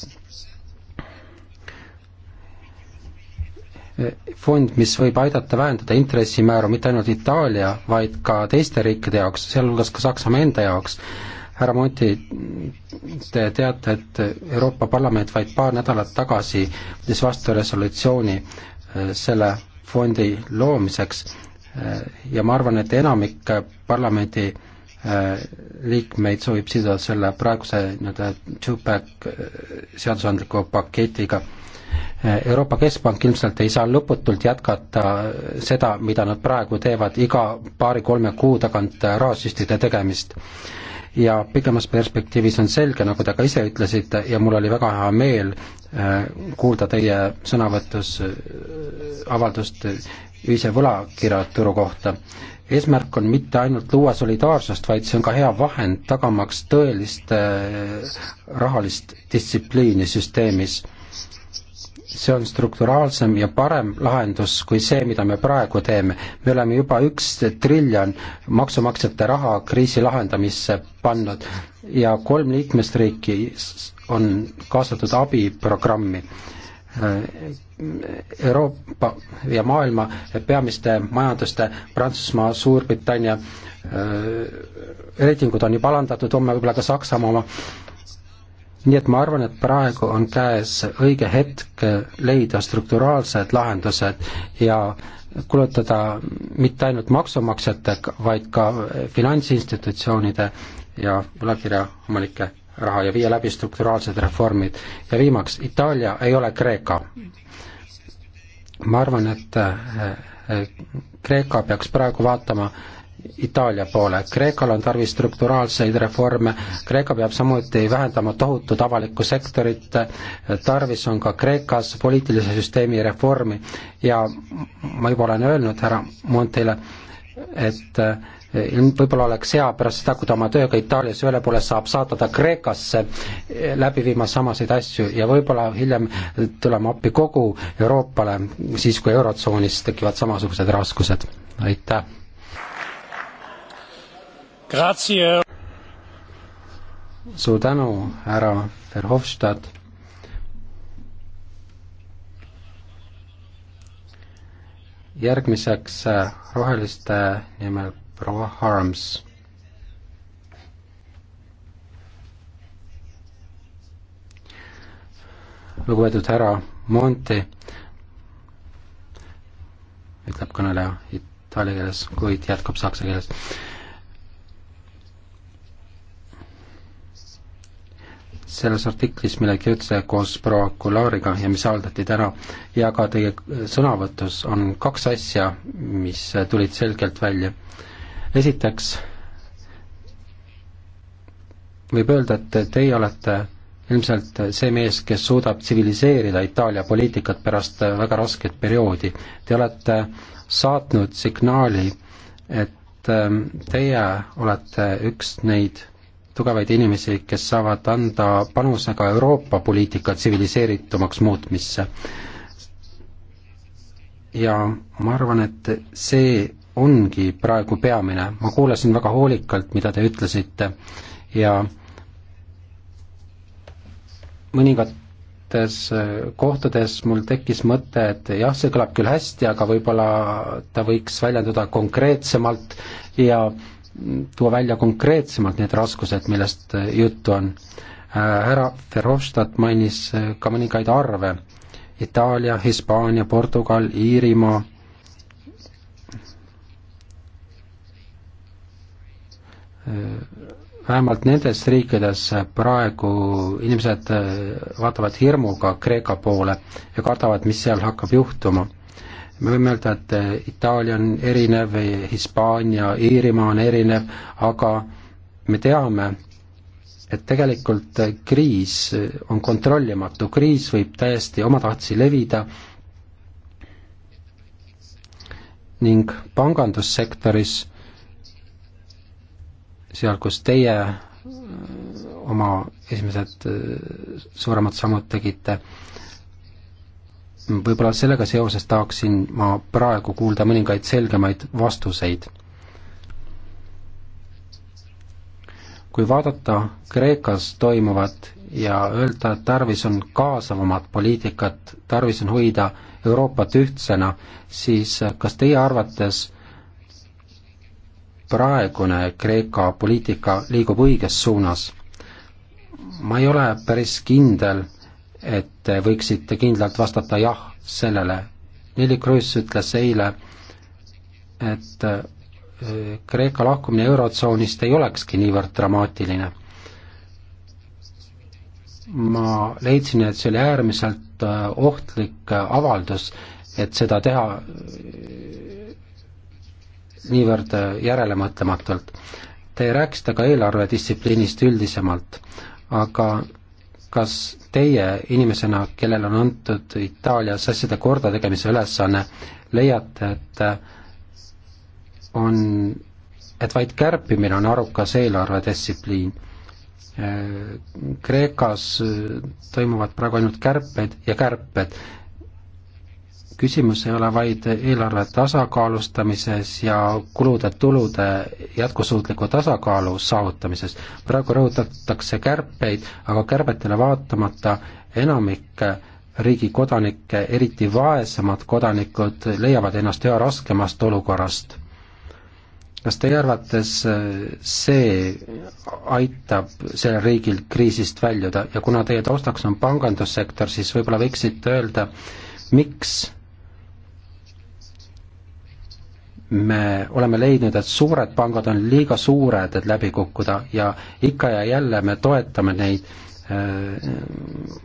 A: Äh, fond, mis võib aidata vähendada intressimäära mitte ainult Itaalia, vaid ka teiste riikide jaoks, sealhulgas ka Saksamaa enda jaoks härra Monti, te teate, et Euroopa Parlament vaid paar nädalat tagasi võttis vastu resolutsiooni äh, selle fondi loomiseks äh, ja ma arvan, et enamik parlamendi äh, liikmeid soovib siduda selle praeguse nii-öelda two-pack seadusandliku paketiga. Euroopa Keskpank ilmselt ei saa lõputult jätkata seda, mida nad praegu teevad, iga paari-kolme kuu tagant rahasüstide tegemist ja pikemas perspektiivis on selge, nagu te ka ise ütlesite, ja mul oli väga hea meel äh, kuulda teie sõnavõtus äh, avaldust ühise võlakirjaturu kohta. eesmärk on mitte ainult luua solidaarsust, vaid see on ka hea vahend tagamaks tõelist äh, rahalist distsipliini süsteemis see on strukturaalsem ja parem lahendus kui see, mida me praegu teeme. me oleme juba üks triljon maksumaksjate raha kriisi lahendamisse pannud ja kolm liikmesriiki on kaasatud abiprogrammi. Euroopa ja maailma peamiste majanduste, Prantsusmaa, Suurbritannia äh, reitingud on juba alandatud, homme võib-olla ka Saksamaa oma nii et ma arvan, et praegu on käes õige hetk leida strukturaalsed lahendused ja kulutada mitte ainult maksumaksjate, vaid ka finantsinstitutsioonide ja võlakirjaomanike raha ja viia läbi strukturaalsed reformid. ja viimaks, Itaalia ei ole Kreeka. ma arvan, et eh, Kreeka peaks praegu vaatama Itaalia poole. Kreekal on tarvis strukturaalseid reforme, Kreeka peab samuti vähendama tohutut avalikku sektorit, tarvis on ka Kreekas poliitilise süsteemi reformi ja ma juba olen öelnud härra Montile, et eh, võib-olla oleks hea pärast seda, kui ta oma tööga Itaalias ühele poole saab, saata ta Kreekasse eh, läbi viima samaseid asju ja võib-olla hiljem tulema appi kogu Euroopale, siis kui Eurotsoonis tekivad samasugused raskused. aitäh! suur tänu, härra Verhofstadt. järgmiseks äh, roheliste nimel proua Harms. lugupeetud härra Monti, ütleb kõneleja itaalia keeles, kuid jätkab saksa keeles selles artiklis, mille kirjutasin koos proua Kulaariga ja mis avaldati täna, ja ka teie sõnavõtus on kaks asja, mis tulid selgelt välja. esiteks võib öelda, et teie olete ilmselt see mees, kes suudab tsiviliseerida Itaalia poliitikat pärast väga rasket perioodi. Te olete saatnud signaali, et ähm, teie olete üks neid tugevaid inimesi, kes saavad anda panuse ka Euroopa poliitika tsiviliseeritumaks muutmisse. ja ma arvan, et see ongi praegu peamine, ma kuulasin väga hoolikalt, mida te ütlesite ja mõningates kohtades mul tekkis mõte, et jah, see kõlab küll hästi, aga võib-olla ta võiks väljenduda konkreetsemalt ja äh, tuua välja konkreetsemalt need raskused, millest juttu on. härra Verhofstadt mainis ka mõningaid arve. Itaalia, Hispaania, Portugal, Iirimaa, vähemalt nendes riikides praegu inimesed vaatavad hirmuga Kreeka poole ja kardavad, mis seal hakkab juhtuma me võime öelda, et eh, Itaalia on erinev, eh, Hispaania, Iirimaa on erinev, aga me teame, et tegelikult eh, kriis on kontrollimatu, kriis võib täiesti omatahtsi levida ning pangandussektoris, seal, kus teie oma esimesed suuremad sammud tegite, võib-olla sellega seoses tahaksin ma praegu kuulda mõningaid selgemaid vastuseid. kui vaadata Kreekas toimuvat ja öelda, et tarvis on kaasavamat poliitikat, tarvis on hoida Euroopat ühtsena, siis kas teie arvates praegune Kreeka poliitika liigub õiges suunas? ma ei ole päris kindel et võiksite kindlalt vastata jah sellele. Nili Kruis ütles eile, et äh, Kreeka lahkumine Eurotsoonist ei olekski niivõrd dramaatiline. ma leidsin, et see oli äärmiselt äh, ohtlik äh, avaldus, et seda teha niivõrd järelemõtlematult. Te rääkisite ka eelarvedistsipliinist üldisemalt, aga kas teie inimesena, kellele on antud Itaalias asjade kordategemise ülesanne, leiate, et on, et vaid kärpimine on arukas eelarvedistsipliin? Kreekas toimuvad praegu ainult kärped ja kärped küsimus ei ole vaid eelarve tasakaalustamises ja kulude-tulude jätkusuutliku tasakaalu saavutamises. praegu rõhutatakse kärpeid, aga kärbetele vaatamata enamik riigi kodanikke, eriti vaesemad kodanikud, leiavad ennast üha raskemast olukorrast. kas teie arvates see aitab sellel riigil kriisist väljuda ja kuna teie taustaks on pangandussektor, siis võib-olla võiksite öelda, miks me oleme leidnud, et suured pangad on liiga suured, et läbi kukkuda ja ikka ja jälle me toetame neid, äh,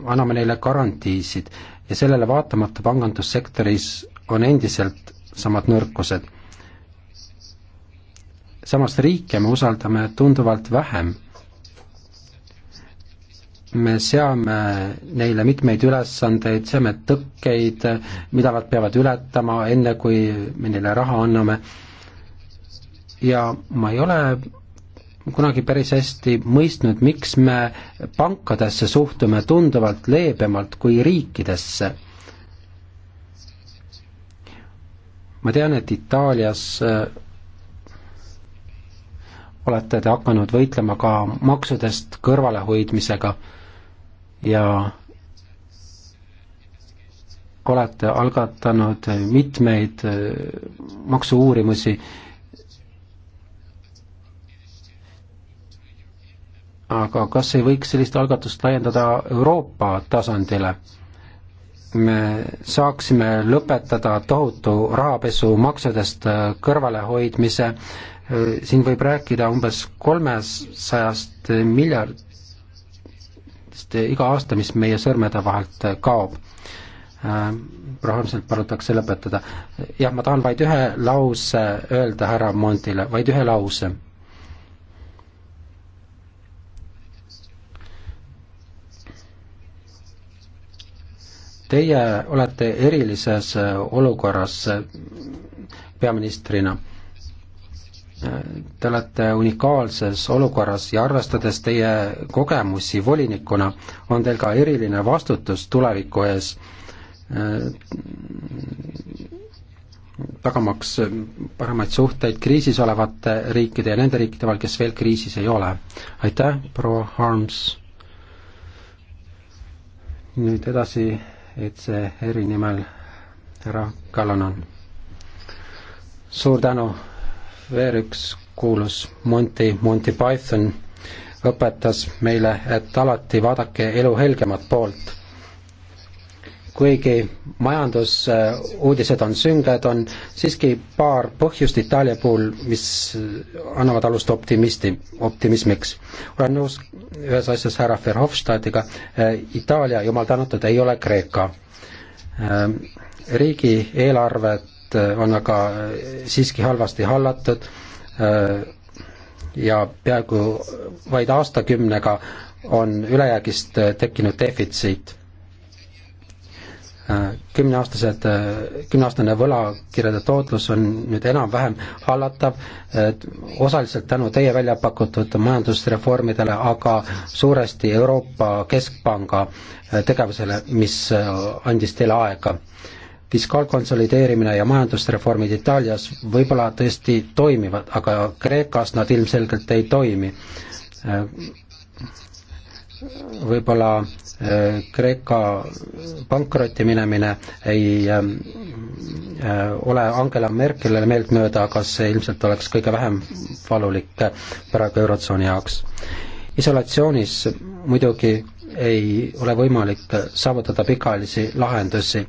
A: anname neile garantiisid ja sellele vaatamata pangandussektoris on endiselt samad nõrkused. samas riike me usaldame tunduvalt vähem me seame neile mitmeid ülesandeid, seame tõkkeid, mida nad peavad ületama, enne kui me neile raha anname. ja ma ei ole kunagi päris hästi mõistnud, miks me pankadesse suhtume tunduvalt leebemalt kui riikidesse. ma tean, et Itaalias äh, olete te hakanud võitlema ka maksudest kõrvalehoidmisega ja olete algatanud mitmeid äh, maksu-uurimusi. aga kas ei võiks sellist algatust laiendada Euroopa tasandile? me saaksime lõpetada tohutu rahapesu maksudest äh, kõrvalehoidmise, äh, siin võib rääkida umbes kolmesajast miljard, sest iga aasta, mis meie sõrmede vahelt kaob, äh, rahaliselt palutakse lõpetada. jah, ma tahan vaid ühe lause öelda härra Montile, vaid ühe lause. Teie olete erilises olukorras peaministrina Te olete unikaalses olukorras ja arvestades teie kogemusi volinikuna, on teil ka eriline vastutus tuleviku ees, tagamaks paremaid suhteid kriisis olevate riikide ja nende riikide vahel, kes veel kriisis ei ole. aitäh, proua Harms! nüüd edasi ECR-i nimel härra Kallanan. suur tänu veel üks kuulus Monty, Monty Python õpetas meile, et alati vaadake elu helgemat poolt. kuigi majandusuudised on sünged, on siiski paar põhjust Itaalia puhul, mis annavad alust optimisti, optimismiks. olen nõus ühes asjas härra Verhofstadtiga, äh, Itaalia, jumal tänatud, ei ole Kreeka äh, riigieelarved Internet äh, on aga äh, siiski halvasti hallatud äh, ja peaaegu vaid aastakümnega on ülejäägist tekkinud defitsiit. Kümneaastased, kümneaastane võlakirjade tootlus on nüüd enam-vähem hallatav, osaliselt tänu teie välja pakutud majandusreformidele, aga suuresti Euroopa Keskpanga tegevusele, mis andis teile aega fiskaalkonsolideerimine ja majandusreformid Itaalias võib-olla tõesti toimivad, aga Kreekas nad ilmselgelt ei toimi. võib-olla eh, Kreeka pankrotti minemine ei eh, ole Angela Merkelile meeltmööda, aga see ilmselt oleks kõige vähem valulik praegu Eurotsooni jaoks. isolatsioonis muidugi ei ole võimalik saavutada pikaajalisi lahendusi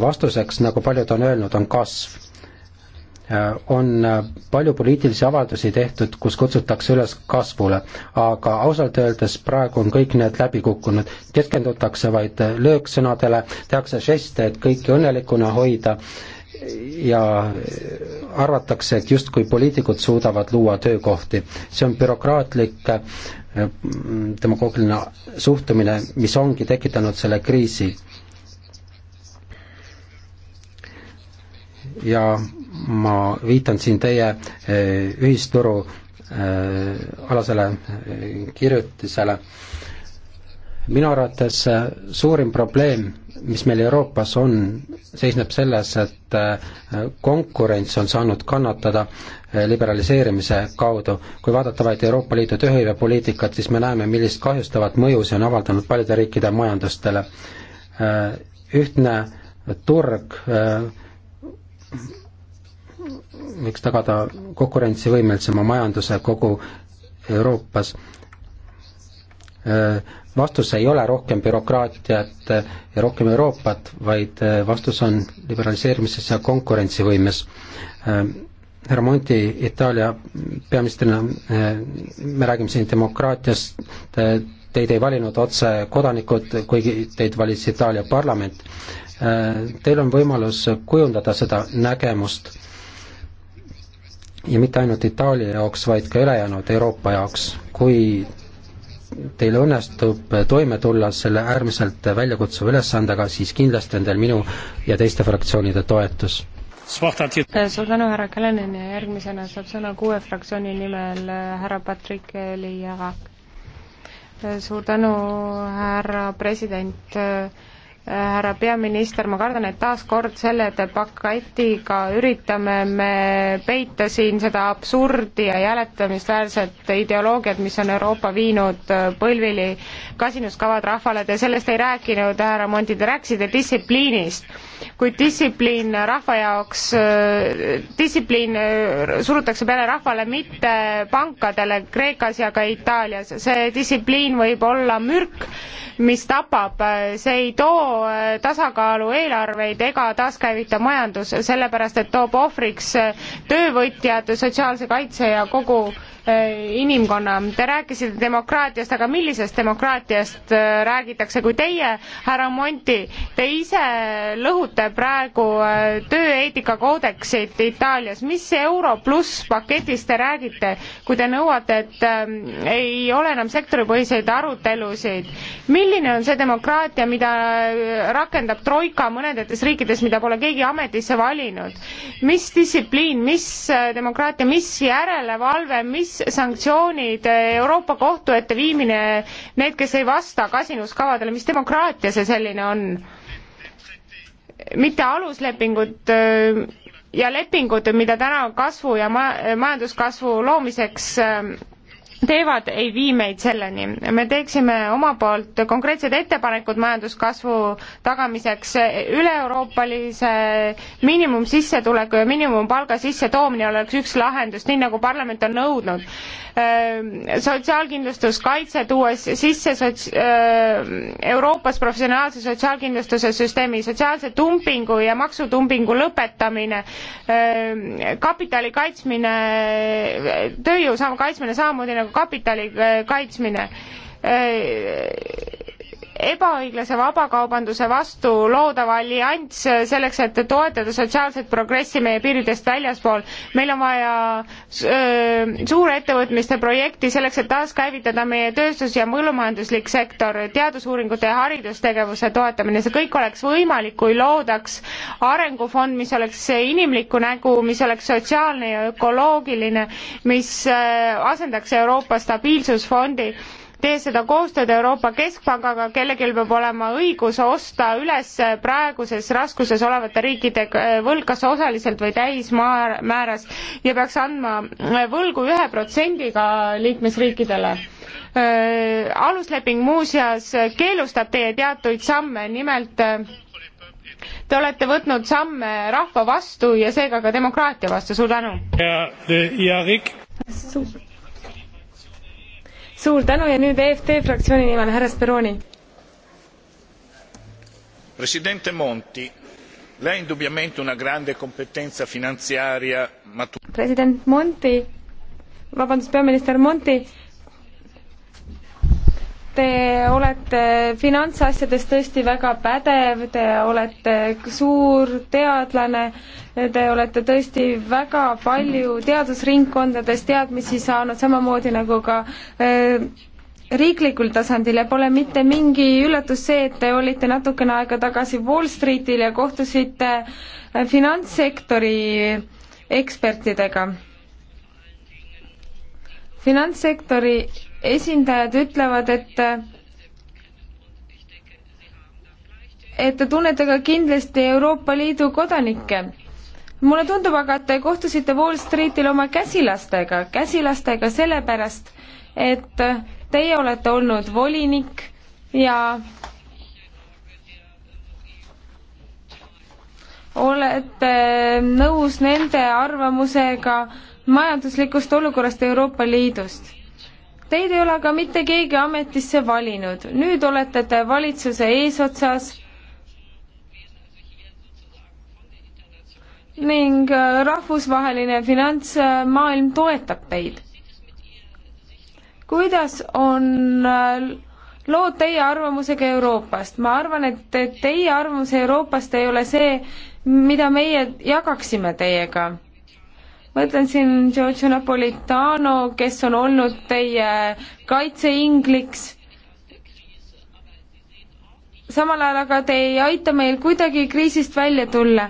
A: vastuseks, nagu paljud on öelnud, on kasv. Äh, on äh, palju poliitilisi avaldusi tehtud, kus kutsutakse üles kasvule, aga ausalt öeldes praegu on kõik need läbi kukkunud, keskendutakse vaid äh, lööksõnadele, tehakse žeste, et kõiki õnnelikuna hoida ja arvatakse, et justkui poliitikud suudavad luua töökohti. see on bürokraatlik demagoogiline suhtumine, mis ongi tekitanud selle kriisi ja ma viitan siin teie eh, ühisturu eh, alasele eh, kirjutisele. minu arvates suurim probleem, mis meil Euroopas on, seisneb selles, et konkurents on saanud kannatada liberaliseerimise kaudu. kui vaadata vaid Euroopa Liidu tööhõivepoliitikat, siis me näeme, millist kahjustavat mõju see on avaldanud paljude riikide majandustele. ühtne turg äh, võiks tagada konkurentsivõimelisema majanduse kogu Euroopas. Äh, vastus ei ole rohkem bürokraatiat ja rohkem Euroopat, vaid äh, vastus on liberaliseerimises ja konkurentsivõimes. Äh, härra Monti Itaalia peaministrina, me räägime siin demokraatiast, teid ei valinud otse kodanikud, kuigi teid valis Itaalia parlament Äh, teil on võimalus kujundada seda nägemust ja mitte ainult Itaalia jaoks, vaid ka ülejäänud Euroopa jaoks, kui teil õnnestub toime tulla selle äärmiselt väljakutsuva ülesandega, siis kindlasti on teil minu ja teiste fraktsioonide toetus. suur tänu,
D: härra Kalenen ja järgmisena saab sõna kuue fraktsiooni nimel äh, härra Patrick Liiavak. Äh, suur tänu, härra president härra peaminister, ma kardan, et taaskord selle paketiga üritame me peita siin seda absurdi ja jäletamisväärset ideoloogiat, mis on Euroopa viinud põlvili kasinuskavad rahvale, te sellest ei rääkinud, härra Monti, te rääkisite distsipliinist kuid distsipliin rahva jaoks, distsipliin surutakse peale rahvale, mitte pankadele Kreekas ja ka Itaalias. see distsipliin võib olla mürk, mis tapab, see ei too tasakaalu eelarveid ega taaskäivita majandus, sellepärast et toob ohvriks töövõtjad, sotsiaalse kaitse ja kogu Äh, inimkonna. Te rääkisite demokraatiast, aga millisest demokraatiast äh, räägitakse, kui teie, härra Monti, te ise lõhute praegu äh, tööeetikakoodeksit Itaalias. mis Euro pluss paketist te räägite, kui te nõuate, et ähm, ei ole enam sektoripõhiseid arutelusid? milline on see demokraatia, mida rakendab Troika mõnedates riikides, mida pole keegi ametisse valinud? mis distsipliin, mis demokraatia, mis järelevalve, mis sanktsioonid, eh, Euroopa Kohtu ette viimine, need, kes ei vasta kasinuskavadele, mis demokraatia see selline on? mitte aluslepingud eh, ja lepingud, mida täna kasvu ja ma-, majanduskasvu loomiseks eh, teevad, ei vii meid selleni. me teeksime oma poolt konkreetsed ettepanekud majanduskasvu tagamiseks, üle-euroopalise miinimumsissetuleku ja miinimumpalga sissetoomine oleks üks lahendus, nii nagu parlament on nõudnud Ehm, sotsiaalkindlustuskaitse, tuues sisse sots-, ehm, Euroopas professionaalse sotsiaalkindlustuse süsteemi, sotsiaalse dumpingu ja maksudumpingu lõpetamine, ehm, kapitali kaitsmine, tööjõu kaitsmine samamoodi nagu kapitali kaitsmine ebaõiglase vabakaubanduse vastu loodav allianss selleks, et toetada sotsiaalset progressi meie piiridest väljaspool. meil on vaja suurettevõtmiste projekti selleks, et taaskäivitada meie tööstus- ja põllumajanduslik sektor, teadusuuringute ja haridustegevuse toetamine, see kõik oleks võimalik, kui loodaks arengufond, mis oleks inimlikku nägu, mis oleks sotsiaalne ja ökoloogiline, mis asendaks Euroopa stabiilsusfondi tee seda koostööd Euroopa Keskpangaga, kellelgi peab olema õigus osta üles praeguses raskuses olevate riikide äh, võlg kas osaliselt või täismääras ja peaks andma äh, võlgu ühe protsendiga liikmesriikidele äh, alusleping muuseas keelustab teie teatuid samme, nimelt te olete võtnud samme rahva vastu ja seega ka demokraatia vastu, suur tänu! suur tänu ja nüüd EFT fraktsiooni nimel härra Speroni.
E: president Monti. Lei indubbiamente una grande competenza finanziaria matura.
B: president Monti, vabandust, peaminister Monti Te olete finantsasjades tõesti väga pädev, te olete suur teadlane, te olete tõesti väga palju teadusringkondades teadmisi saanud, samamoodi nagu ka äh, riiklikul tasandil ja pole mitte mingi üllatus see, et te olite natukene aega tagasi Wall Streetil ja kohtusite eh, finantssektori ekspertidega. finantssektori esindajad ütlevad, et et te tunnete ka kindlasti Euroopa Liidu kodanikke. mulle tundub aga, et te kohtusite Wall Streetil oma käsilastega, käsilastega sellepärast, et teie olete olnud volinik ja olete nõus nende arvamusega majanduslikust olukorrast Euroopa Liidust Teid ei ole aga mitte keegi ametisse valinud, nüüd olete te valitsuse eesotsas ning äh, rahvusvaheline finantsmaailm toetab teid. kuidas on äh, lood teie arvamusega Euroopast? ma arvan, et teie arvamus Euroopast ei ole see, mida meie jagaksime teiega mõtlen siin Giorgio Napolitano, kes on olnud teie kaitseingliks samal ajal aga te ei aita meil kuidagi kriisist välja tulla.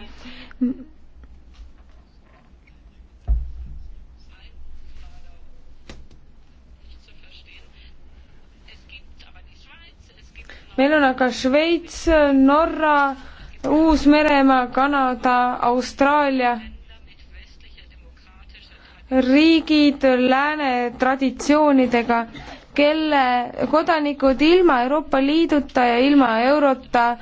B: meil on aga Šveits, Norra, Uus-Meremaa, Kanada, Austraalia riigid lääne traditsioonidega, kelle kodanikud ilma Euroopa Liiduta ja ilma Eurota äh,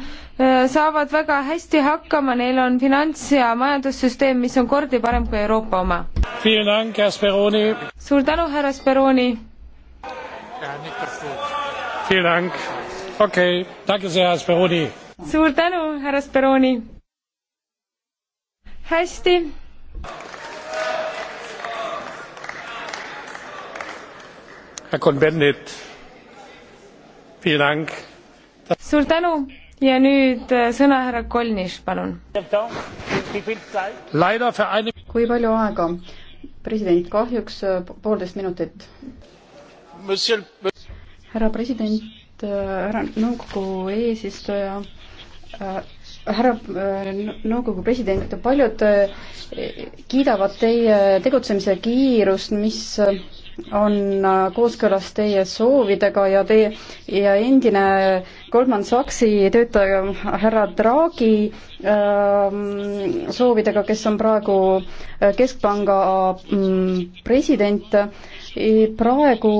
B: saavad väga hästi hakkama, neil on finants- ja majandussüsteem, mis on kordi parem kui Euroopa oma. suur tänu, härra Speroni! Okay. suur tänu, härra Speroni! hästi suur tänu ja nüüd äh, sõna härra Kolnis, palun.
G: kui palju aega? president, kahjuks äh, poolteist minutit. härra president, äh, härra nõukogu eesistuja äh,, härra nõukogu president, paljud kiidavad teie tegutsemise kiirust, mis on äh, kooskõlas teie soovidega ja teie ja endine Goldman Sachsi töötaja härra Draghi ähm, soovidega, kes on praegu äh, keskpanga mm, president. E, praegu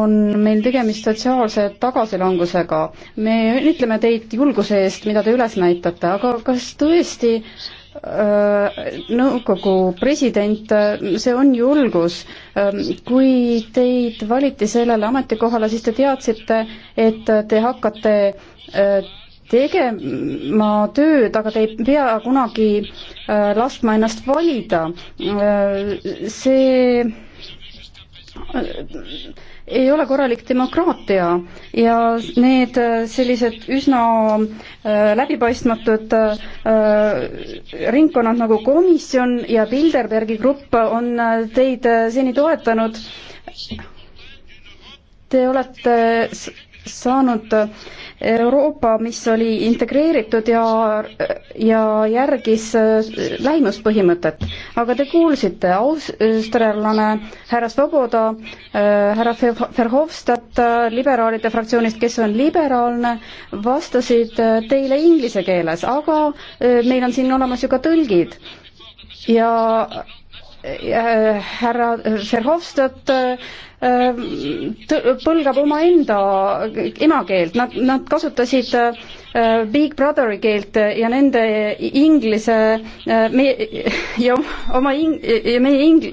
G: on meil tegemist sotsiaalse tagasilangusega. me ütleme teid julguse eest, mida te üles näitate, aga kas tõesti äh, Äh, nõukogu president, äh, see on julgus. Ähm, kui teid valiti sellele ametikohale, siis te teadsite, et te hakkate äh, tegema tööd, aga te ei pea kunagi laskma ennast valida. see ei ole korralik demokraatia ja need äh, sellised üsna äh, läbipaistmatud äh, ringkonnad nagu komisjon ja Bilderbergi grupp on teid seni toetanud. Te olete saanud Euroopa, mis oli integreeritud ja, ja järgis lähimuspõhimõtet. aga te kuulsite, austerlane härra Svoboda, härra Verhofstadt liberaalide fraktsioonist, kes on liberaalne, vastasid teile inglise keeles, aga meil on siin olemas ju ka tõlgid ja Äh, härra Šerhovstad äh, põlgab omaenda emakeelt, nad, nad kasutasid äh, Big Brotheri keelt ja nende inglise, meie ja oma ing-, ja meie ing-,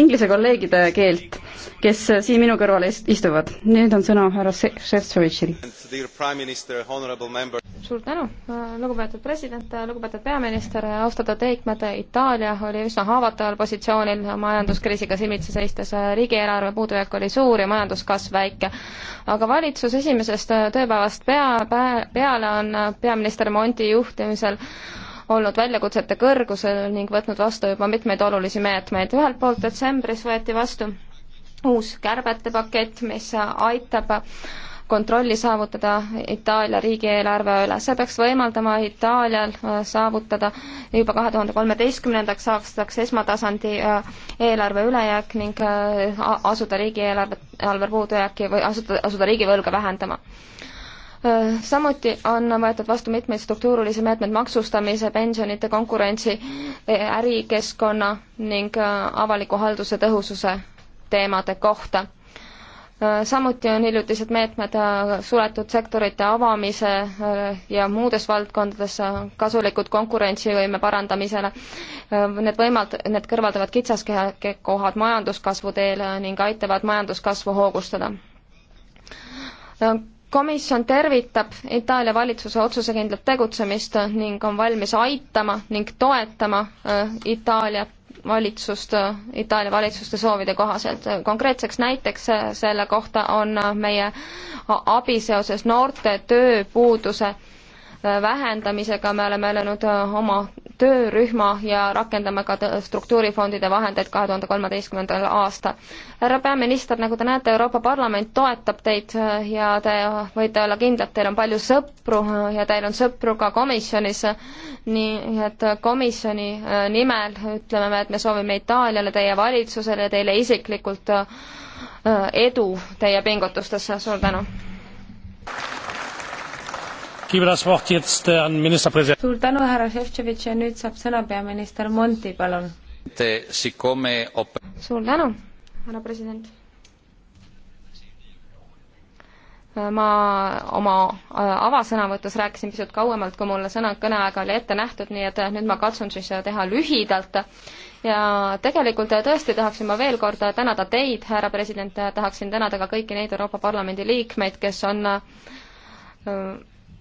G: inglise kolleegide keelt kes siin minu kõrval istuvad. nüüd on sõna härra Šefčovitšil.
C: suur tänu, äh, lugupeetud president, äh, lugupeetud peaminister, austatud liikmed, Itaalia oli üsna haavataval positsioonil majanduskriisiga silmitsi seistes, äh, riigieelarve puudujääk oli suur ja majanduskasv väike. aga valitsus esimesest tööpäevast pea, pea, peale on peaminister Monti juhtimisel olnud väljakutsete kõrgusel ning võtnud vastu juba mitmeid olulisi meetmeid. ühelt poolt detsembris võeti vastu uus kärbete pakett, mis aitab kontrolli saavutada Itaalia riigieelarve üle. see peaks võimaldama Itaalial äh, saavutada juba kahe tuhande kolmeteistkümnendaks aastaks esmatasandi äh, eelarve ülejääk ning äh, asuda riigieelarve, eelarve puudujääki või asuda, asuda riigivõlga vähendama samuti on võetud vastu mitmeid struktuurilisi meetmeid maksustamise, pensionite konkurentsi, ärikeskkonna ning avaliku halduse tõhususe teemade kohta. samuti on hiljutised meetmed äh, suletud sektorite avamise äh, ja muudes valdkondades äh, kasulikud konkurentsivõime parandamisele. Need võimald-, need kõrvaldavad kitsaskohad majanduskasvu teel ning aitavad majanduskasvu hoogustada komisjon tervitab Itaalia valitsuse otsusekindlat tegutsemist ning on valmis aitama ning toetama Itaaliat valitsust, Itaalia valitsuste soovide kohaselt. konkreetseks näiteks selle kohta on meie abi seoses noorte tööpuuduse vähendamisega me oleme öelnud äh, oma töörühma ja rakendame ka struktuurifondide vahendeid kahe tuhande kolmeteistkümnendal aastal. härra peaminister, nagu te näete, Euroopa Parlament toetab teid äh, ja te äh, võite olla kindlad, teil on palju sõpru ja teil on sõpru ka komisjonis, nii et komisjoni nimel ütleme me, et me soovime Itaaliale, teie valitsusele ja teile isiklikult edu teie pingutustesse, suur tänu! Äh, suur tänu, härra Šefčovitš ja nüüd saab
B: sõna peaminister Monti, palun. suur tänu, härra
C: president ma oma äh, avasõnavõtus rääkisin pisut kauemalt, kui mulle sõna, kõneaega oli ette nähtud, nii et äh, nüüd ma katsun siis teha lühidalt. ja tegelikult tõesti tahaksin ma veel kord tänada teid, härra president, tahaksin tänada ka kõiki neid Euroopa Parlamendi liikmeid, kes on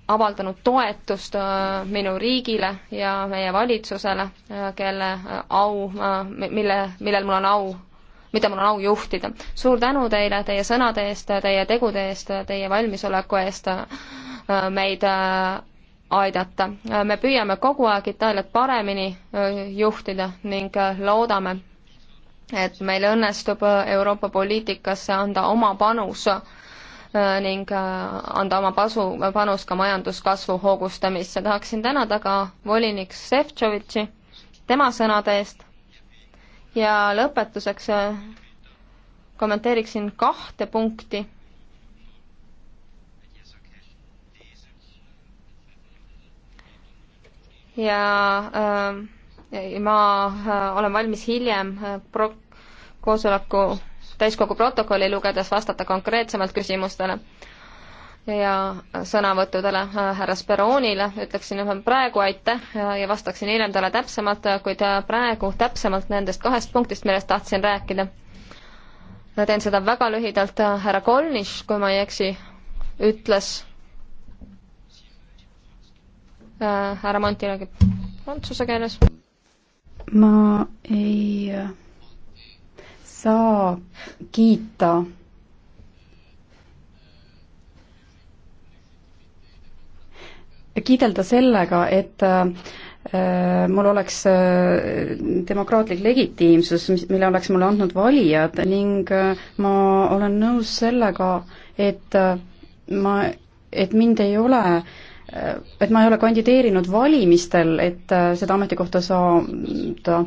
C: avaldanud toetust äh, minu riigile ja meie valitsusele, äh, kelle äh, au, mille, millel mul on au, mida mul on au juhtida. suur tänu teile teie sõnade eest, teie tegude eest, teie valmisoleku eest meid aidata. me püüame kogu aeg Itaaliat paremini juhtida ning loodame, et meil õnnestub Euroopa poliitikasse anda oma panus Äh, ning äh, anda oma pasu, äh, panus ka majanduskasvu hoogustamisse. tahaksin tänada ka volinik Šefčovitši tema sõnade eest ja lõpetuseks kommenteeriksin kahte punkti. ja äh, ma äh, olen valmis hiljem äh, pro-, koosoleku täiskogu protokolli lugedes vastata konkreetsemalt küsimustele ja sõnavõttudele härra Speroonile, ütleksin praegu aitäh ja vastaksin hiljem talle täpsemalt, kuid praegu täpsemalt nendest kahest punktist, millest tahtsin rääkida. ma teen seda väga lühidalt, härra Kolnis, kui ma ei eksi, ütles äh, härra Monti räägib prantsuse keeles.
G: ma ei äh, saa kiita kiidelda sellega, et äh, mul oleks äh, demokraatlik legitiimsus, mis, mille oleks mulle andnud valijad ning äh, ma olen nõus sellega, et ma, et mind ei ole äh, et ma ei ole kandideerinud valimistel, et äh, seda ametikohta saada.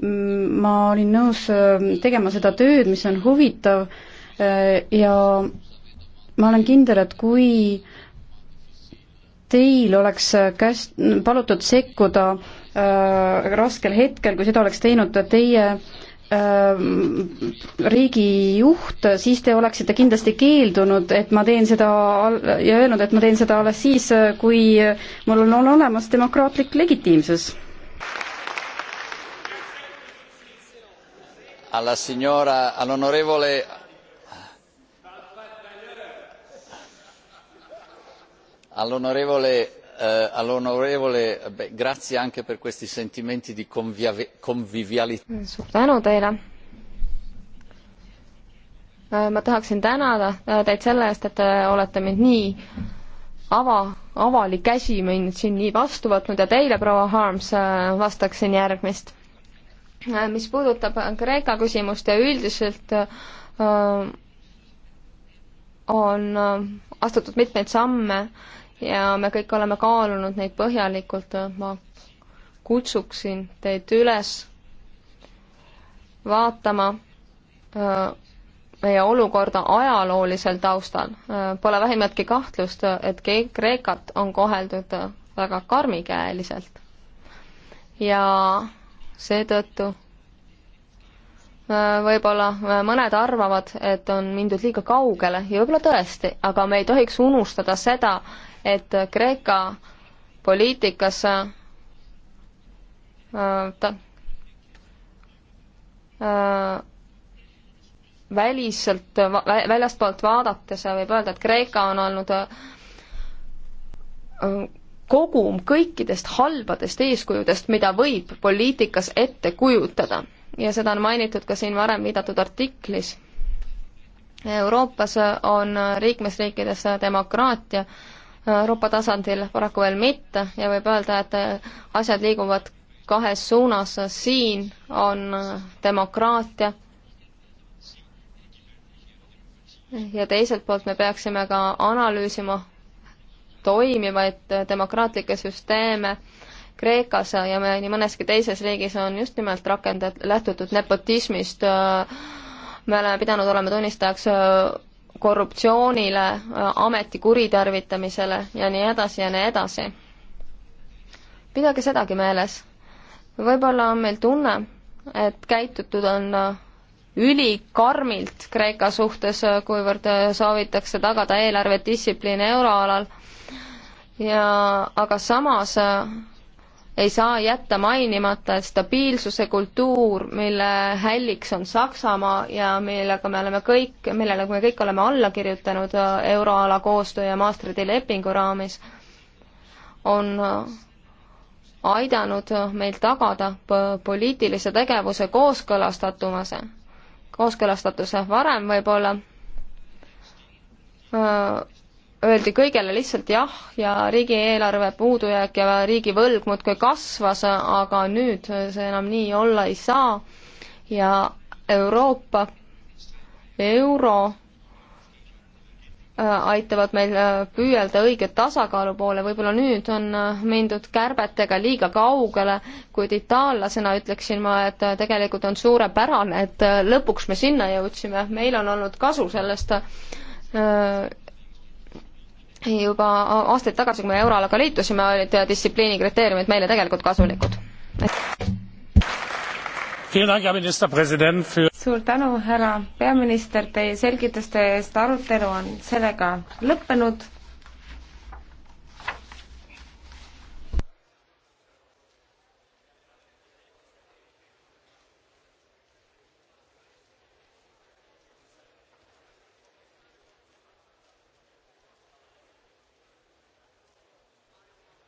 G: Mm, ma olin nõus äh, tegema seda tööd, mis on huvitav äh, ja ma olen kindel, et kui teil oleks käst-, palutud sekkuda raskel hetkel, kui seda oleks teinud teie äh, Äh, riigijuht, siis te oleksite kindlasti keeldunud, et ma teen seda ja öelnud, et ma teen seda alles siis, kui mul on olemas demokraatlik legitiimsus.
E: Alla signora, all'onorevole all'onorevole Eh, all'onorevole grazie anche per questi sentimenti di convivialità.
C: suur tänu teile. Eh, ma tahaksin tänada eh, teid selle eest, et te olete mind nii ava, avalik käsi mind siin nii vastu võtnud ja teile, proua Harms, vastaksin järgmist. mis puudutab Kreeka küsimust ja üldiselt on astutud mitmeid samme ja me kõik oleme kaalunud neid põhjalikult, ma kutsuksin teid üles vaatama äh, meie olukorda ajaloolisel taustal. Äh, pole vähimatki kahtlust, et Kreekat on koheldud äh, väga karmikäeliselt. ja seetõttu võib-olla mõned arvavad, et on mindud liiga kaugele ja võib-olla tõesti, aga me ei tohiks unustada seda, et Kreeka poliitikas äh, ta äh, väliselt, väljastpoolt vaadates võib öelda, et Kreeka on olnud äh, kogum kõikidest halbadest eeskujudest, mida võib poliitikas ette kujutada. ja seda on mainitud ka siin varem viidatud artiklis. Euroopas on liikmesriikides demokraatia äh, Euroopa tasandil paraku veel mitte ja võib öelda, et asjad liiguvad kahes suunas, siin on demokraatia ja teiselt poolt me peaksime ka analüüsima toimivaid demokraatlikke süsteeme Kreekas ja me nii mõneski teises riigis on just nimelt rakendat-, lähtutud nepotismist, me oleme pidanud olema tunnistajaks korruptsioonile, ameti kuritarvitamisele ja nii edasi ja nii edasi. pidage sedagi meeles. võib-olla on meil tunne, et käitutud on ülikarmilt Kreeka suhtes, kuivõrd soovitakse tagada eelarvedistsipliin euroalal ja aga samas ei saa jätta mainimata stabiilsuse kultuur, mille hälliks on Saksamaa ja millega me oleme kõik, millele me kõik oleme alla kirjutanud äh, euroala koostöö ja Maastrichti lepingu raamis, on äh, aidanud äh, meil tagada poliitilise tegevuse kooskõlastatumase, kooskõlastatuse varem võib-olla öeldi kõigele lihtsalt jah ja riigieelarve puudujääk ja riigivõlg muudkui kasvas, aga nüüd see enam nii olla ei saa ja Euroopa, euro äh, aitavad meil äh, püüelda õige tasakaalu poole, võib-olla nüüd on äh, mindud kärbetega liiga kaugele, kuid itaallasena ütleksin ma, et tegelikult on suurepärane, et lõpuks me sinna jõudsime, meil on olnud kasu sellest juba aastaid tagasi, kui me euroalaga liitusime, olid distsipliini kriteeriumid meile tegelikult kasulikud.
B: suur tänu, härra peaminister, teie selgituste eest, arutelu on sellega lõppenud